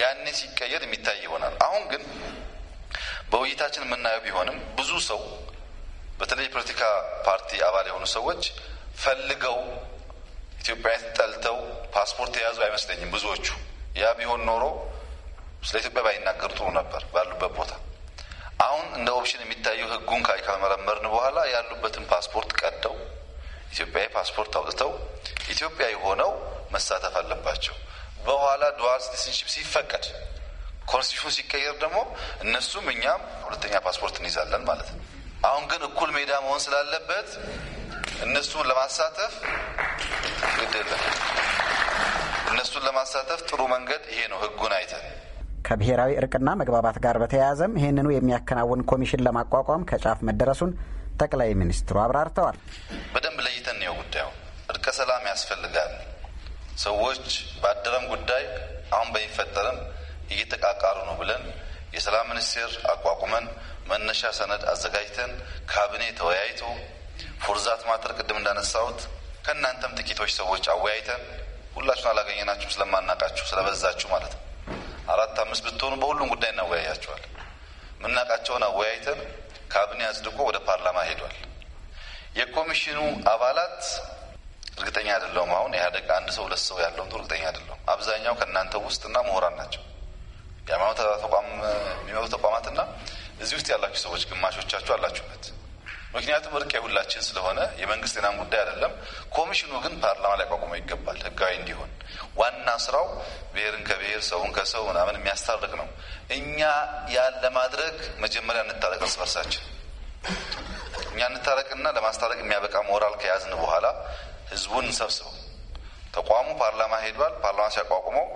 ያኔ ሲቀየር የሚታይ ይሆናል። አሁን ግን በውይይታችን የምናየው ቢሆንም ብዙ ሰው በተለይ የፖለቲካ ፓርቲ አባል የሆኑ ሰዎች ፈልገው ኢትዮጵያ ጠልተው ፓስፖርት የያዙ አይመስለኝም ብዙዎቹ። ያ ቢሆን ኖሮ ስለ ኢትዮጵያ ባይናገር ጥሩ ነበር ባሉበት ቦታ። አሁን እንደ ኦፕሽን የሚታየው ህጉን ካይ በኋላ ያሉበትን ፓስፖርት ቀደው ኢትዮጵያዊ ፓስፖርት አውጥተው ኢትዮጵያዊ ሆነው መሳተፍ አለባቸው። በኋላ ዱዋል ሲቲዝንሽፕ ሲፈቀድ ኮንስቲቱሽን ሲቀየር ደግሞ እነሱም እኛም ሁለተኛ ፓስፖርት እንይዛለን ማለት ነው። አሁን ግን እኩል ሜዳ መሆን ስላለበት እነሱን ለማሳተፍ ግድ የለም። እነሱን ለማሳተፍ ጥሩ መንገድ ይሄ ነው፣ ህጉን አይተን ከብሔራዊ እርቅና መግባባት ጋር በተያያዘም ይህንኑ የሚያከናውን ኮሚሽን ለማቋቋም ከጫፍ መደረሱን ጠቅላይ ሚኒስትሩ አብራርተዋል። በደንብ ለይተን ነው ጉዳዩ። እርቀ ሰላም ያስፈልጋል። ሰዎች በአደረም ጉዳይ አሁን በሚፈጠርም እየተቃቃሩ ነው ብለን የሰላም ሚኒስቴር አቋቁመን መነሻ ሰነድ አዘጋጅተን ካቢኔ ተወያይቶ ፎርዛት ማተር ቅድም እንዳነሳሁት ከእናንተም ጥቂቶች ሰዎች አወያይተን ሁላችሁን አላገኘናችሁም ስለማናቃችሁ ስለበዛችሁ ማለት ነው። አራት አምስት ብትሆኑ በሁሉም ጉዳይ እናወያያቸዋል። የምናውቃቸውን አወያይተን ካቢኔ አጽድቆ ወደ ፓርላማ ሄዷል። የኮሚሽኑ አባላት እርግጠኛ አይደለውም አሁን ኢህአዴግ አንድ ሰው ሁለት ሰው ያለውን እርግጠኛ አይደለሁም። አብዛኛው ከእናንተ ውስጥና ምሁራን ናቸው። የሃይማኖት ተቋም የሚመሩ ተቋማትና እዚህ ውስጥ ያላችሁ ሰዎች ግማሾቻችሁ አላችሁበት። ምክንያቱም እርቅ የሁላችን ስለሆነ የመንግስት ጤናም ጉዳይ አይደለም። ኮሚሽኑ ግን ፓርላማ ሊያቋቁመው ይገባል ህጋዊ እንዲሆን። ዋና ስራው ብሔርን ከብሔር ሰውን ከሰው ምናምን የሚያስታርቅ ነው። እኛ ያን ለማድረግ መጀመሪያ እንታረቅ እርስ በርሳችን። እኛ እንታረቅና ለማስታረቅ የሚያበቃ ሞራል ከያዝን በኋላ ህዝቡን እንሰብስበው ተቋሙ ፓርላማ ሄዷል። ፓርላማ ሲያቋቁመው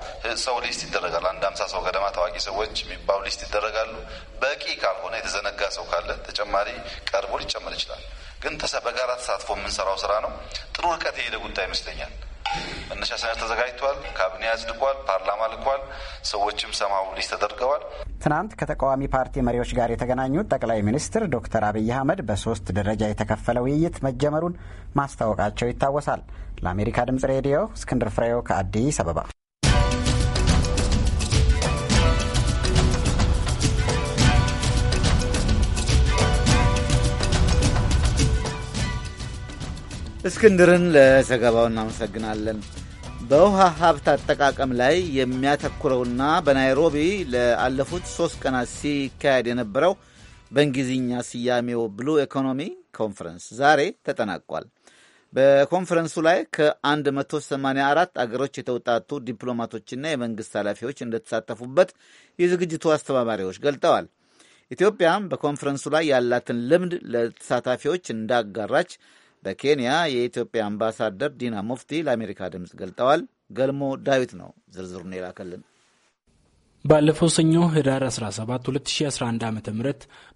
ሰው ሊስት ይደረጋል። አንድ አምሳ ሰው ገደማ ታዋቂ ሰዎች የሚባሉ ሊስት ይደረጋሉ። በቂ ካልሆነ የተዘነጋ ሰው ካለ ተጨማሪ ቀርቦ ሊጨመር ይችላል። ግን በጋራ ተሳትፎ የምንሰራው ስራ ነው። ጥሩ ርቀት የሄደ ጉዳይ ይመስለኛል። መነሻ ሰነድ ተዘጋጅቷል። ካቢኔ አጽድቋል። ፓርላማ ልኳል። ሰዎችም ሰማ ውሊስ ተደርገዋል። ትናንት ከተቃዋሚ ፓርቲ መሪዎች ጋር የተገናኙት ጠቅላይ ሚኒስትር ዶክተር አብይ አህመድ በሶስት ደረጃ የተከፈለ ውይይት መጀመሩን ማስታወቃቸው ይታወሳል። ለአሜሪካ ድምጽ ሬዲዮ እስክንድር ፍሬው ከአዲስ አበባ። እስክንድርን ለዘገባው እናመሰግናለን። በውሃ ሀብት አጠቃቀም ላይ የሚያተኩረውና በናይሮቢ ለአለፉት ሶስት ቀናት ሲካሄድ የነበረው በእንግሊዝኛ ስያሜው ብሉ ኢኮኖሚ ኮንፈረንስ ዛሬ ተጠናቋል። በኮንፈረንሱ ላይ ከ184 አገሮች የተውጣጡ ዲፕሎማቶችና የመንግሥት ኃላፊዎች እንደተሳተፉበት የዝግጅቱ አስተባባሪዎች ገልጠዋል። ኢትዮጵያም በኮንፈረንሱ ላይ ያላትን ልምድ ለተሳታፊዎች እንዳጋራች በኬንያ የኢትዮጵያ አምባሳደር ዲና ሙፍቲ ለአሜሪካ ድምፅ ገልጠዋል። ገልሞ ዳዊት ነው ዝርዝሩን የላከልን። ባለፈው ሰኞ ህዳር 17 2011 ዓ ም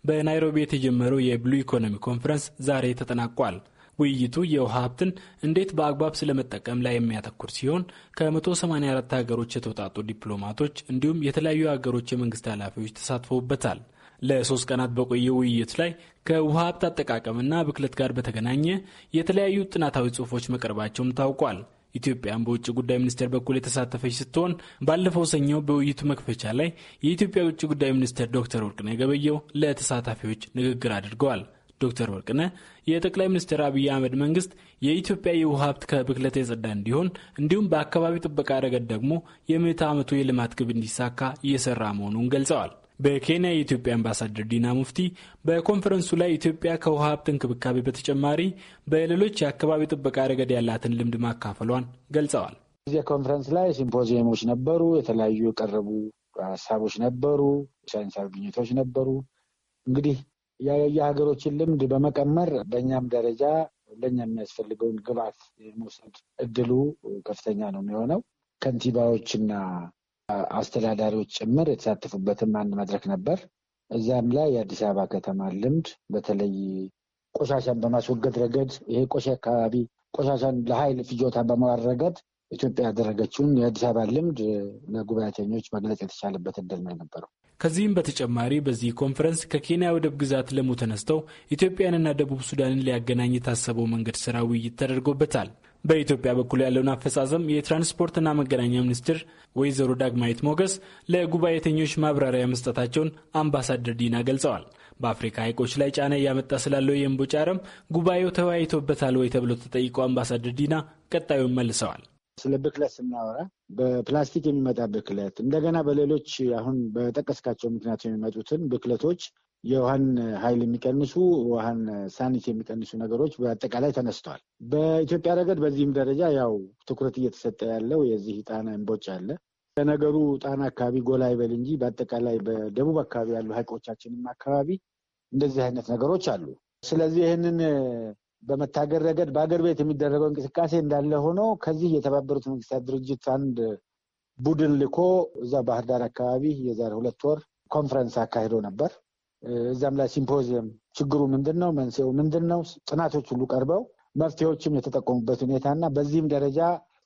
በናይሮቢ የተጀመረው የብሉ ኢኮኖሚ ኮንፈረንስ ዛሬ ተጠናቋል። ውይይቱ የውሃ ሀብትን እንዴት በአግባብ ስለመጠቀም ላይ የሚያተኩር ሲሆን ከ184 ሀገሮች የተውጣጡ ዲፕሎማቶች እንዲሁም የተለያዩ ሀገሮች የመንግስት ኃላፊዎች ተሳትፈውበታል። ለሶስት ቀናት በቆየው ውይይት ላይ ከውሃ ሀብት አጠቃቀምና ብክለት ጋር በተገናኘ የተለያዩ ጥናታዊ ጽሁፎች መቅረባቸውም ታውቋል። ኢትዮጵያን በውጭ ጉዳይ ሚኒስቴር በኩል የተሳተፈች ስትሆን ባለፈው ሰኞ በውይይቱ መክፈቻ ላይ የኢትዮጵያ ውጭ ጉዳይ ሚኒስቴር ዶክተር ወርቅነህ ገበየሁ ለተሳታፊዎች ንግግር አድርገዋል። ዶክተር ወርቅነህ የጠቅላይ ሚኒስትር አብይ አህመድ መንግስት የኢትዮጵያ የውሃ ሀብት ከብክለት የጸዳ እንዲሆን እንዲሁም በአካባቢ ጥበቃ ረገድ ደግሞ የምዕተ ዓመቱ የልማት ግብ እንዲሳካ እየሰራ መሆኑን ገልጸዋል። በኬንያ የኢትዮጵያ አምባሳደር ዲና ሙፍቲ በኮንፈረንሱ ላይ ኢትዮጵያ ከውሃ ሀብት እንክብካቤ በተጨማሪ በሌሎች የአካባቢ ጥበቃ ረገድ ያላትን ልምድ ማካፈሏን ገልጸዋል። እዚህ ኮንፈረንስ ላይ ሲምፖዚየሞች ነበሩ፣ የተለያዩ የቀረቡ ሀሳቦች ነበሩ፣ ሳይንሳዊ ግኝቶች ነበሩ። እንግዲህ የሀገሮችን ልምድ በመቀመር በእኛም ደረጃ ለእኛ የሚያስፈልገውን ግብዓት የመውሰድ እድሉ ከፍተኛ ነው የሚሆነው ከንቲባዎችና አስተዳዳሪዎች ጭምር የተሳተፉበትም አንድ መድረክ ነበር። እዚያም ላይ የአዲስ አበባ ከተማ ልምድ በተለይ ቆሻሻን በማስወገድ ረገድ ይሄ ቆሻ አካባቢ ቆሻሻን ለኃይል ፍጆታ በመዋል ረገድ ኢትዮጵያ ያደረገችውን የአዲስ አበባ ልምድ ለጉባኤተኞች መግለጽ የተቻለበት እድል ነው የነበረው። ከዚህም በተጨማሪ በዚህ ኮንፈረንስ ከኬንያ ወደብ ግዛት ለሙ ተነስተው ኢትዮጵያንና ደቡብ ሱዳንን ሊያገናኝ የታሰበው መንገድ ስራ ውይይት ተደርጎበታል። በኢትዮጵያ በኩል ያለውን አፈጻጸም የትራንስፖርትና መገናኛ ሚኒስትር ወይዘሮ ዳግማዊት ሞገስ ለጉባኤተኞች ማብራሪያ መስጠታቸውን አምባሳደር ዲና ገልጸዋል። በአፍሪካ ሐይቆች ላይ ጫና እያመጣ ስላለው የእምቦጭ አረም ጉባኤው ተወያይቶበታል ወይ ተብሎ ተጠይቀው አምባሳደር ዲና ቀጣዩን መልሰዋል። ስለ ብክለት ስናወራ በፕላስቲክ የሚመጣ ብክለት እንደገና በሌሎች አሁን በጠቀስካቸው ምክንያት የሚመጡትን ብክለቶች የውሃን ኃይል የሚቀንሱ ውሃን ሳኒት የሚቀንሱ ነገሮች በአጠቃላይ ተነስተዋል። በኢትዮጵያ ረገድ በዚህም ደረጃ ያው ትኩረት እየተሰጠ ያለው የዚህ ጣና እምቦጭ አለ። ለነገሩ ጣና አካባቢ ጎላ ይበል እንጂ በአጠቃላይ በደቡብ አካባቢ ያሉ ሀይቆቻችንም አካባቢ እንደዚህ አይነት ነገሮች አሉ። ስለዚህ ይህንን በመታገር ረገድ በአገር ቤት የሚደረገው እንቅስቃሴ እንዳለ ሆኖ ከዚህ የተባበሩት መንግስታት ድርጅት አንድ ቡድን ልኮ እዛ ባህር ዳር አካባቢ የዛሬ ሁለት ወር ኮንፈረንስ አካሂዶ ነበር። እዛም ላይ ሲምፖዚየም ችግሩ ምንድን ነው፣ መንስኤው ምንድን ነው፣ ጥናቶች ሁሉ ቀርበው መፍትሄዎችም የተጠቆሙበት ሁኔታ እና በዚህም ደረጃ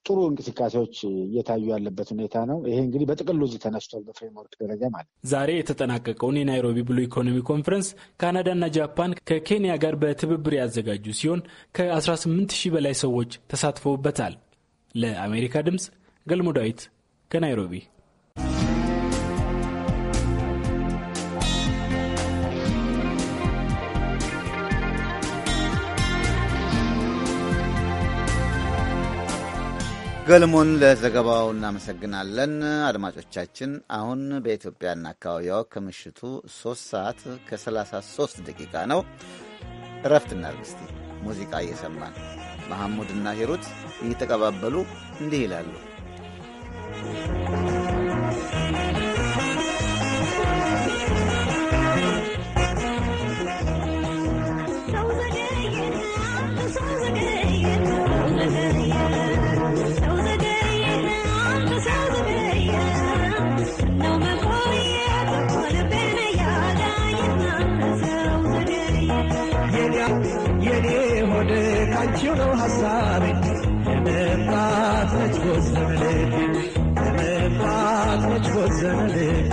ጥሩ እንቅስቃሴዎች እየታዩ ያለበት ሁኔታ ነው። ይሄ እንግዲህ በጥቅሉ እዚህ ተነስቷል፣ በፍሬምወርክ ደረጃ ማለት ነው። ዛሬ የተጠናቀቀውን የናይሮቢ ብሉ ኢኮኖሚ ኮንፈረንስ ካናዳና ጃፓን ከኬንያ ጋር በትብብር ያዘጋጁ ሲሆን ከ18 ሺህ በላይ ሰዎች ተሳትፈውበታል። ለአሜሪካ ድምፅ ገልሞ ዳዊት ከናይሮቢ ገልሞን ለዘገባው እናመሰግናለን። አድማጮቻችን አሁን በኢትዮጵያና አካባቢዋ ከምሽቱ 3 ሰዓት ከ33 ደቂቃ ነው። እረፍት እናድርግ እስቲ ሙዚቃ እየሰማን መሐሙድና ሂሩት እየተቀባበሉ እንዲህ ይላሉ። ያንቺ ነው ሀሳቤ የመምጣት መች ቦዘንልኝ የመምጣት መች ቦዘንልኝ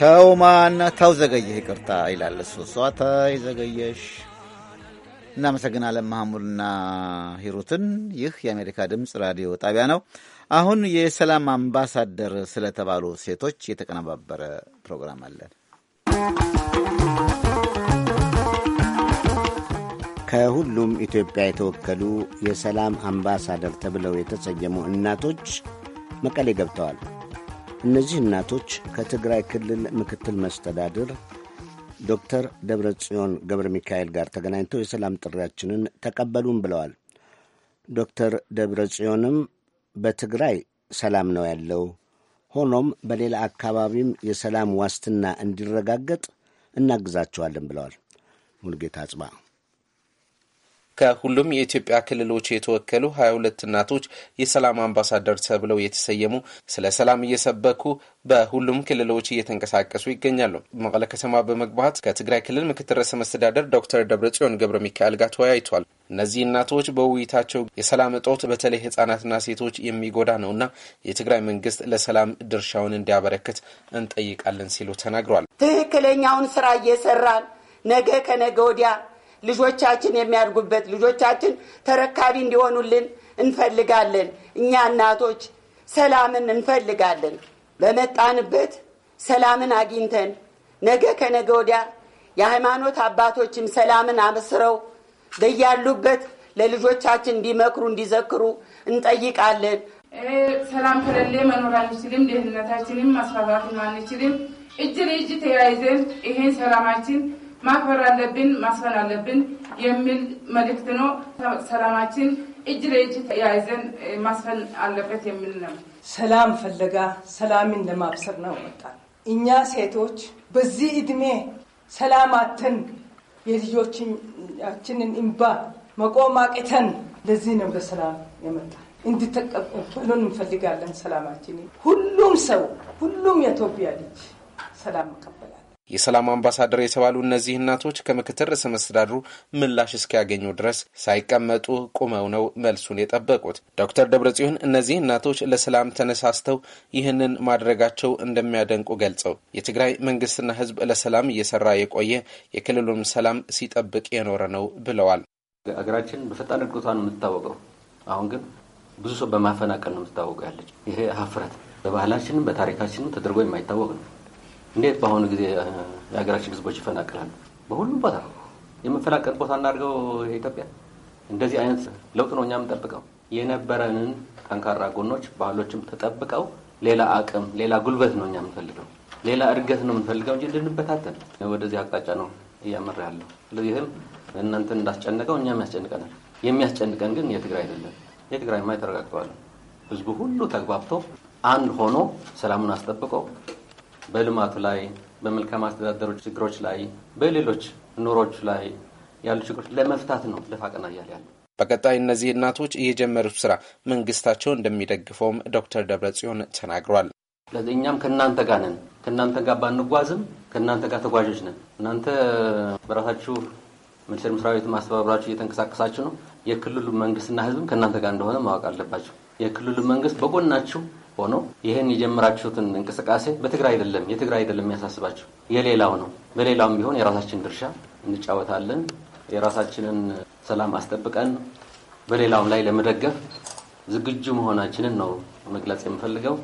ተው ማና ተው ዘገየህ ይቅርታ ይላል እሱ። እሷ ተይ ዘገየሽ። እናመሰግናለን መሐሙድና ሂሩትን። ይህ የአሜሪካ ድምፅ ራዲዮ ጣቢያ ነው። አሁን የሰላም አምባሳደር ስለተባሉ ሴቶች የተቀነባበረ ፕሮግራም አለን። ከሁሉም ኢትዮጵያ የተወከሉ የሰላም አምባሳደር ተብለው የተሰየሙ እናቶች መቀሌ ገብተዋል። እነዚህ እናቶች ከትግራይ ክልል ምክትል መስተዳድር ዶክተር ደብረ ጽዮን ገብረ ሚካኤል ጋር ተገናኝተው የሰላም ጥሪያችንን ተቀበሉን ብለዋል። ዶክተር ደብረ ጽዮንም በትግራይ ሰላም ነው ያለው፣ ሆኖም በሌላ አካባቢም የሰላም ዋስትና እንዲረጋገጥ እናግዛቸዋለን ብለዋል። ሙልጌታ አጽባ ከሁሉም የኢትዮጵያ ክልሎች የተወከሉ ሀያ ሁለት እናቶች የሰላም አምባሳደር ተብለው የተሰየሙ ስለ ሰላም እየሰበኩ በሁሉም ክልሎች እየተንቀሳቀሱ ይገኛሉ። መቀለ ከተማ በመግባት ከትግራይ ክልል ምክትል ርዕሰ መስተዳደር ዶክተር ደብረጽዮን ገብረ ሚካኤል ጋር ተወያይቷል። እነዚህ እናቶች በውይይታቸው የሰላም እጦት በተለይ ህጻናትና ሴቶች የሚጎዳ ነውና የትግራይ መንግስት ለሰላም ድርሻውን እንዲያበረክት እንጠይቃለን ሲሉ ተናግሯል። ትክክለኛውን ስራ እየሰራን ነገ ከነገ ወዲያ ልጆቻችን የሚያድጉበት ልጆቻችን ተረካቢ እንዲሆኑልን እንፈልጋለን። እኛ እናቶች ሰላምን እንፈልጋለን። በመጣንበት ሰላምን አግኝተን ነገ ከነገ ወዲያ የሃይማኖት አባቶችም ሰላምን አበስረው በያሉበት ለልጆቻችን እንዲመክሩ እንዲዘክሩ እንጠይቃለን። ሰላም ከሌለ መኖር አንችልም። ደህንነታችንም ማስፋፋት አንችልም። እጅ ለእጅ ተያይዘን ይሄን ሰላማችን ማክበር አለብን፣ ማስፈን አለብን የሚል መልእክት ነው። ሰላማችን እጅ ለእጅ ተያይዘን ማስፈን አለበት የሚል ነው። ሰላም ፈለጋ ሰላምን ለማብሰር ነው መጣል እኛ ሴቶች በዚህ እድሜ ሰላማትን የልጆችንን እንባ መቆም አቅተን ለዚህ ነው በሰላም የመጣ እንድትቀበሉን እንፈልጋለን። ሰላማችን ሁሉም ሰው ሁሉም የኢትዮጵያ ልጅ ሰላም የሰላም አምባሳደር የተባሉ እነዚህ እናቶች ከምክትል ርዕሰ መስተዳድሩ ምላሽ እስኪያገኙ ድረስ ሳይቀመጡ ቁመው ነው መልሱን የጠበቁት። ዶክተር ደብረጽዮን እነዚህ እናቶች ለሰላም ተነሳስተው ይህንን ማድረጋቸው እንደሚያደንቁ ገልጸው የትግራይ መንግስትና ህዝብ ለሰላም እየሰራ የቆየ የክልሉም ሰላም ሲጠብቅ የኖረ ነው ብለዋል። አገራችን በፈጣን እድገቷ ነው የምትታወቀው። አሁን ግን ብዙ ሰው በማፈናቀል ነው የምትታወቀው ያለች። ይሄ ሀፍረት በባህላችንም በታሪካችንም ተደርጎ የማይታወቅ ነው። እንዴት በአሁኑ ጊዜ የሀገራችን ህዝቦች ይፈናቀላሉ? በሁሉም ቦታ ነው የምንፈናቀል ቦታ እናድርገው። ኢትዮጵያ እንደዚህ አይነት ለውጥ ነው እኛ የምንጠብቀው። የነበረንን ጠንካራ ጎኖች ባህሎችም ተጠብቀው ሌላ አቅም፣ ሌላ ጉልበት ነው እኛ የምንፈልገው፣ ሌላ እድገት ነው የምንፈልገው እንጂ እንድንበታተን ወደዚህ አቅጣጫ ነው እያመራ ያለው። ስለዚህ እናንተን እንዳስጨነቀው እኛም ያስጨንቀናል። የሚያስጨንቀን ግን የትግራይ አይደለም። የትግራይማ ተረጋግጠዋል። ህዝቡ ሁሉ ተግባብቶ አንድ ሆኖ ሰላሙን አስጠብቆ በልማቱ ላይ፣ በመልካም አስተዳደሩ ችግሮች ላይ፣ በሌሎች ኑሮች ላይ ያሉ ችግሮች ለመፍታት ነው ልፋ ቀና እያለ ያለ። በቀጣይ እነዚህ እናቶች የጀመሩት ስራ መንግስታቸው እንደሚደግፈውም ዶክተር ደብረጽዮን ተናግሯል። ስለዚህ እኛም ከእናንተ ጋር ነን። ከእናንተ ጋር ባንጓዝም ከእናንተ ጋር ተጓዦች ነን። እናንተ በራሳችሁ ሚኒስቴር መስሪያ ቤት ማስተባበራችሁ እየተንቀሳቀሳችሁ ነው። የክልሉ መንግስትና ህዝብም ከእናንተ ጋር እንደሆነ ማወቅ አለባቸው። የክልሉ መንግስት በጎናችሁ ሆኖ ይህን የጀመራችሁትን እንቅስቃሴ በትግራይ አይደለም የትግራይ አይደለም የሚያሳስባችሁ የሌላው ነው። በሌላውም ቢሆን የራሳችን ድርሻ እንጫወታለን። የራሳችንን ሰላም አስጠብቀን በሌላውም ላይ ለመደገፍ ዝግጁ መሆናችንን ነው መግለጽ የምፈልገው።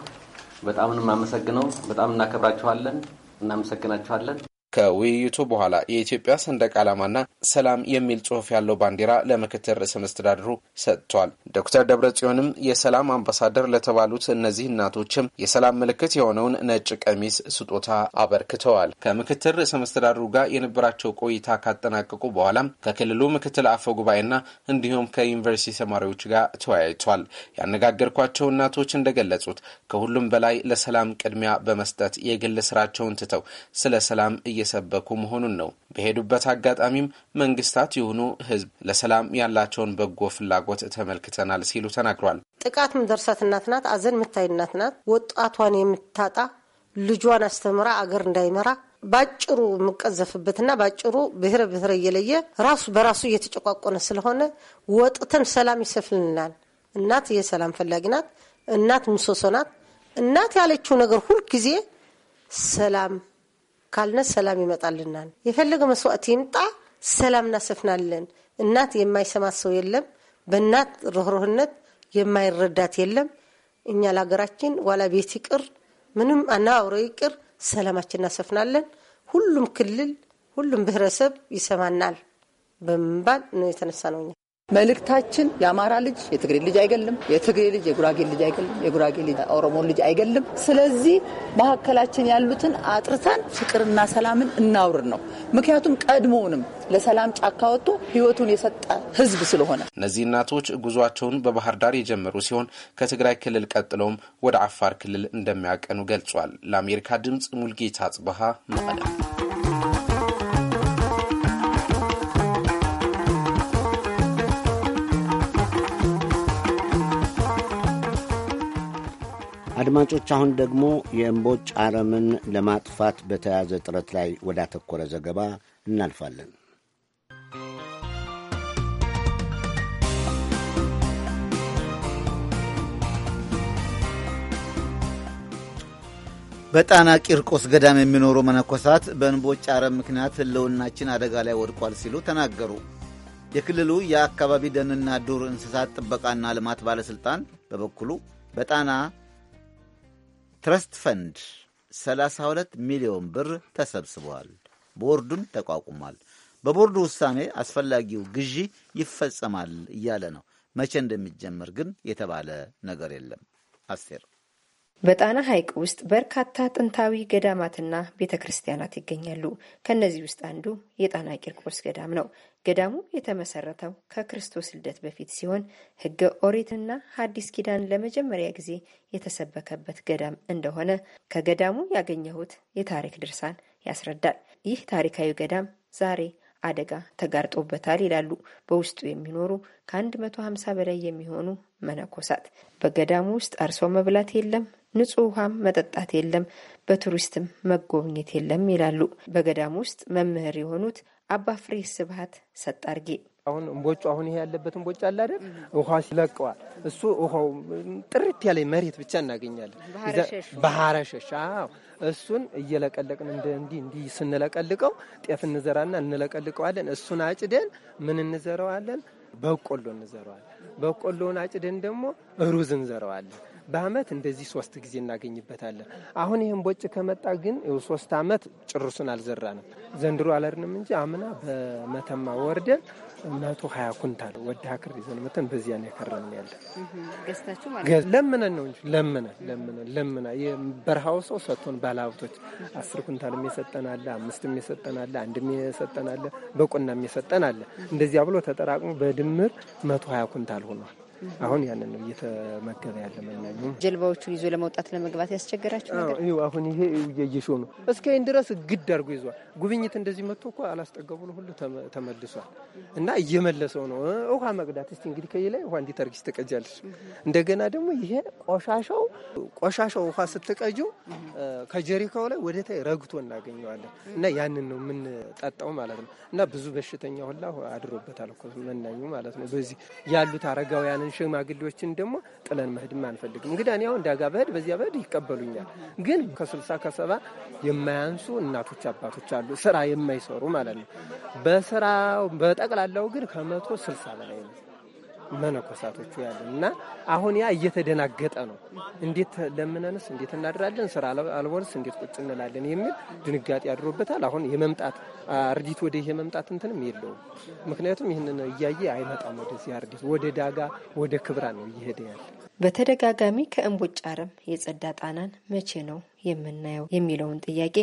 በጣም እናመሰግነው። በጣም እናከብራችኋለን፣ እናመሰግናችኋለን። ከውይይቱ በኋላ የኢትዮጵያ ሰንደቅ ዓላማና ሰላም የሚል ጽሑፍ ያለው ባንዲራ ለምክትል ርዕሰ መስተዳድሩ ሰጥቷል። ዶክተር ደብረ ጽዮንም የሰላም አምባሳደር ለተባሉት እነዚህ እናቶችም የሰላም ምልክት የሆነውን ነጭ ቀሚስ ስጦታ አበርክተዋል። ከምክትል ርዕሰ መስተዳድሩ ጋር የነበራቸው ቆይታ ካጠናቀቁ በኋላም ከክልሉ ምክትል አፈ ጉባኤና እንዲሁም ከዩኒቨርሲቲ ተማሪዎች ጋር ተወያይቷል። ያነጋገርኳቸው እናቶች እንደገለጹት ከሁሉም በላይ ለሰላም ቅድሚያ በመስጠት የግል ስራቸውን ትተው ስለ ሰላም እየ እየሰበኩ መሆኑን ነው። በሄዱበት አጋጣሚም መንግስታት ይሁኑ ህዝብ ለሰላም ያላቸውን በጎ ፍላጎት ተመልክተናል ሲሉ ተናግሯል። ጥቃት ምደርሳት እናት ናት፣ አዘን ምታይ እናት ናት። ወጣቷን የምታጣ ልጇን አስተምራ አገር እንዳይመራ ባጭሩ የምቀዘፍበትና ባጭሩ ብሔረ ብሔረ እየለየ ራሱ በራሱ እየተጨቋቆነ ስለሆነ ወጥተን ሰላም ይሰፍልናል። እናት የሰላም ፈላጊ ናት። እናት ምሰሶ ናት። እናት ያለችው ነገር ሁልጊዜ ሰላም ካልነት ሰላም ይመጣልናል። የፈለገ መስዋዕት ይምጣ፣ ሰላም እናሰፍናለን። እናት የማይሰማት ሰው የለም። በእናት ርኅሩህነት የማይረዳት የለም። እኛ ለሀገራችን ዋላ ቤት ይቅር ምንም አነባብሮ ይቅር፣ ሰላማችን እናሰፍናለን። ሁሉም ክልል ሁሉም ብሔረሰብ ይሰማናል በምባል ነው የተነሳ ነው። መልእክታችን የአማራ ልጅ የትግሬ ልጅ አይገልም፣ የትግሬ ልጅ የጉራጌ ልጅ አይገልም፣ የጉራጌ ልጅ ኦሮሞን ልጅ አይገልም። ስለዚህ መካከላችን ያሉትን አጥርተን ፍቅርና ሰላምን እናውርድ ነው። ምክንያቱም ቀድሞውንም ለሰላም ጫካ ወጥቶ ህይወቱን የሰጠ ህዝብ ስለሆነ እነዚህ እናቶች ጉዟቸውን በባህር ዳር የጀመሩ ሲሆን ከትግራይ ክልል ቀጥለውም ወደ አፋር ክልል እንደሚያቀኑ ገልጿል። ለአሜሪካ ድምፅ ሙልጌታ ጽበሃ መቀለ አድማጮች፣ አሁን ደግሞ የእምቦጭ አረምን ለማጥፋት በተያዘ ጥረት ላይ ወዳተኮረ ዘገባ እናልፋለን። በጣና ቂርቆስ ገዳም የሚኖሩ መነኮሳት በእንቦጭ አረም ምክንያት ሕልውናችን አደጋ ላይ ወድቋል ሲሉ ተናገሩ። የክልሉ የአካባቢ ደንና ዱር እንስሳት ጥበቃና ልማት ባለሥልጣን በበኩሉ በጣና ትረስት ፈንድ 32 ሚሊዮን ብር ተሰብስበዋል። ቦርዱም ተቋቁሟል። በቦርዱ ውሳኔ አስፈላጊው ግዢ ይፈጸማል እያለ ነው። መቼ እንደሚጀመር ግን የተባለ ነገር የለም። አስቴር በጣና ሐይቅ ውስጥ በርካታ ጥንታዊ ገዳማትና ቤተ ክርስቲያናት ይገኛሉ። ከእነዚህ ውስጥ አንዱ የጣና ቂርቆስ ገዳም ነው። ገዳሙ የተመሰረተው ከክርስቶስ ልደት በፊት ሲሆን ሕገ ኦሪትና ሐዲስ ኪዳን ለመጀመሪያ ጊዜ የተሰበከበት ገዳም እንደሆነ ከገዳሙ ያገኘሁት የታሪክ ድርሳን ያስረዳል። ይህ ታሪካዊ ገዳም ዛሬ አደጋ ተጋርጦበታል ይላሉ በውስጡ የሚኖሩ ከ መቶ በላይ የሚሆኑ መነኮሳት። በገዳሙ ውስጥ አርሶ መብላት የለም፣ ንጹህ ውሃም መጠጣት የለም፣ በቱሪስትም መጎብኘት የለም ይላሉ በገዳም ውስጥ መምህር የሆኑት አባ ፍሬ ስብሀት ሰጣርጌ አሁን እምቦጩ አሁን ይሄ ያለበት እምቦጭ አለ አይደል? ውሃ ሲለቀዋል። እሱ ውሃው ጥርት ያለ መሬት ብቻ እናገኛለን። ባህረሸሽ እሱን እየለቀለቅን እንደ እንዲህ እንዲህ ስንለቀልቀው ጤፍ እንዘራና እንለቀልቀዋለን። እሱን አጭደን ምን እንዘረዋለን? በቆሎ እንዘረዋለን። በቆሎውን አጭደን ደግሞ ሩዝ እንዘረዋለን። በአመት እንደዚህ ሶስት ጊዜ እናገኝበታለን። አሁን ይህም ቦጭ ከመጣ ግን ሶስት አመት ጭርሱን አልዘራንም። ዘንድሮ አለርንም እንጂ አምና በመተማ ወርደን እናቱ ሀያ ኩንታል ወደ ሀክር ይዘን መተን በዚያ ነው የከረምን ያለ ለምነን ነው እንጂ ለምነን ለምነን ለምና የበረሃው ሰው ሰጥቶን ባለሀብቶች አስር ኩንታል የሚሰጠን አለ፣ አምስት የሚሰጠን አለ፣ አንድ የሚሰጠን አለ፣ በቁና የሚሰጠን አለ። እንደዚያ ብሎ ተጠራቅሞ በድምር መቶ ሀያ ኩንታል ሆኗል። አሁን ያንን ነው እየተመገበ ያለ መናኙ። ጀልባዎቹን ይዞ ለመውጣት ለመግባት ያስቸገራቸው ነገር አሁን ይሄ እየየሾ ነው። እስከይን ድረስ ግድ አድርጎ ይዟል። ጉብኝት እንደዚህ መጥቶ እኮ አላስጠገቡ ነው ሁሉ ተመልሷል። እና እየመለሰው ነው። ውሃ መቅዳት እስቲ እንግዲህ ከይ ላይ ውሃ እንዲት አድርጊ እንደገና ደግሞ ይሄ ቆሻሻው ቆሻሻው ውሃ ስትቀጁ ከጀሪካው ላይ ወደ ታይ ረግቶ እናገኘዋለን እና ያንን ነው የምንጠጣው ማለት ነው እና ብዙ በሽተኛ ሁላ አድሮበታል መናኙ ማለት ነው። በዚህ ያሉት አረጋውያንን ሽማግሌዎችን ደግሞ ጥለን መሄድም አንፈልግም። እንግዲህ እኔ አሁን ዳጋ በህድ በዚያ በህድ ይቀበሉኛል። ግን ከስልሳ ከሰባ የማያንሱ እናቶች አባቶች አሉ ስራ የማይሰሩ ማለት ነው። በስራ በጠቅላላው ግን ከመቶ ስልሳ በላይ ነው። መነኮሳቶቹ ያሉ እና አሁን ያ እየተደናገጠ ነው። እንዴት ለምነንስ እንዴት እናድራለን? ስራ አልቦንስ እንዴት ቁጭ እንላለን? የሚል ድንጋጤ ያድሮበታል። አሁን የመምጣት አርዲት ወደ ይሄ መምጣት እንትንም የለውም። ምክንያቱም ይህንን እያየ አይመጣም ወደዚህ አርዲት፣ ወደ ዳጋ ወደ ክብራ ነው እየሄደ ያለ። በተደጋጋሚ ከእምቦጭ አረም የጸዳ ጣናን መቼ ነው የምናየው የሚለውን ጥያቄ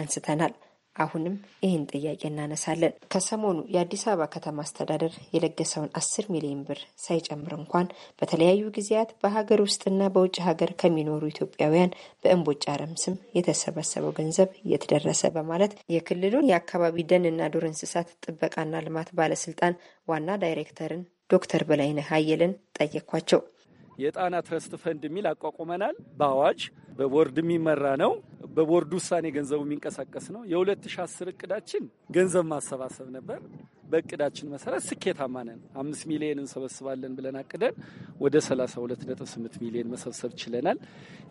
አንስተናል። አሁንም ይህን ጥያቄ እናነሳለን። ከሰሞኑ የአዲስ አበባ ከተማ አስተዳደር የለገሰውን አስር ሚሊዮን ብር ሳይጨምር እንኳን በተለያዩ ጊዜያት በሀገር ውስጥና በውጭ ሀገር ከሚኖሩ ኢትዮጵያውያን በእንቦጭ አረም ስም የተሰበሰበው ገንዘብ የት ደረሰ በማለት የክልሉን የአካባቢ ደንና ዱር እንስሳት ጥበቃና ልማት ባለስልጣን ዋና ዳይሬክተርን ዶክተር በላይነህ አየለን ጠየኳቸው። የጣና ትረስት ፈንድ የሚል አቋቁመናል። በአዋጅ በቦርድ የሚመራ ነው። በቦርድ ውሳኔ ገንዘቡ የሚንቀሳቀስ ነው። የ2010 እቅዳችን ገንዘብ ማሰባሰብ ነበር። በእቅዳችን መሰረት ስኬታማ ነን። አምስት ሚሊዮን እንሰበስባለን ብለን አቅደን ወደ 32.8 ሚሊዮን መሰብሰብ ችለናል።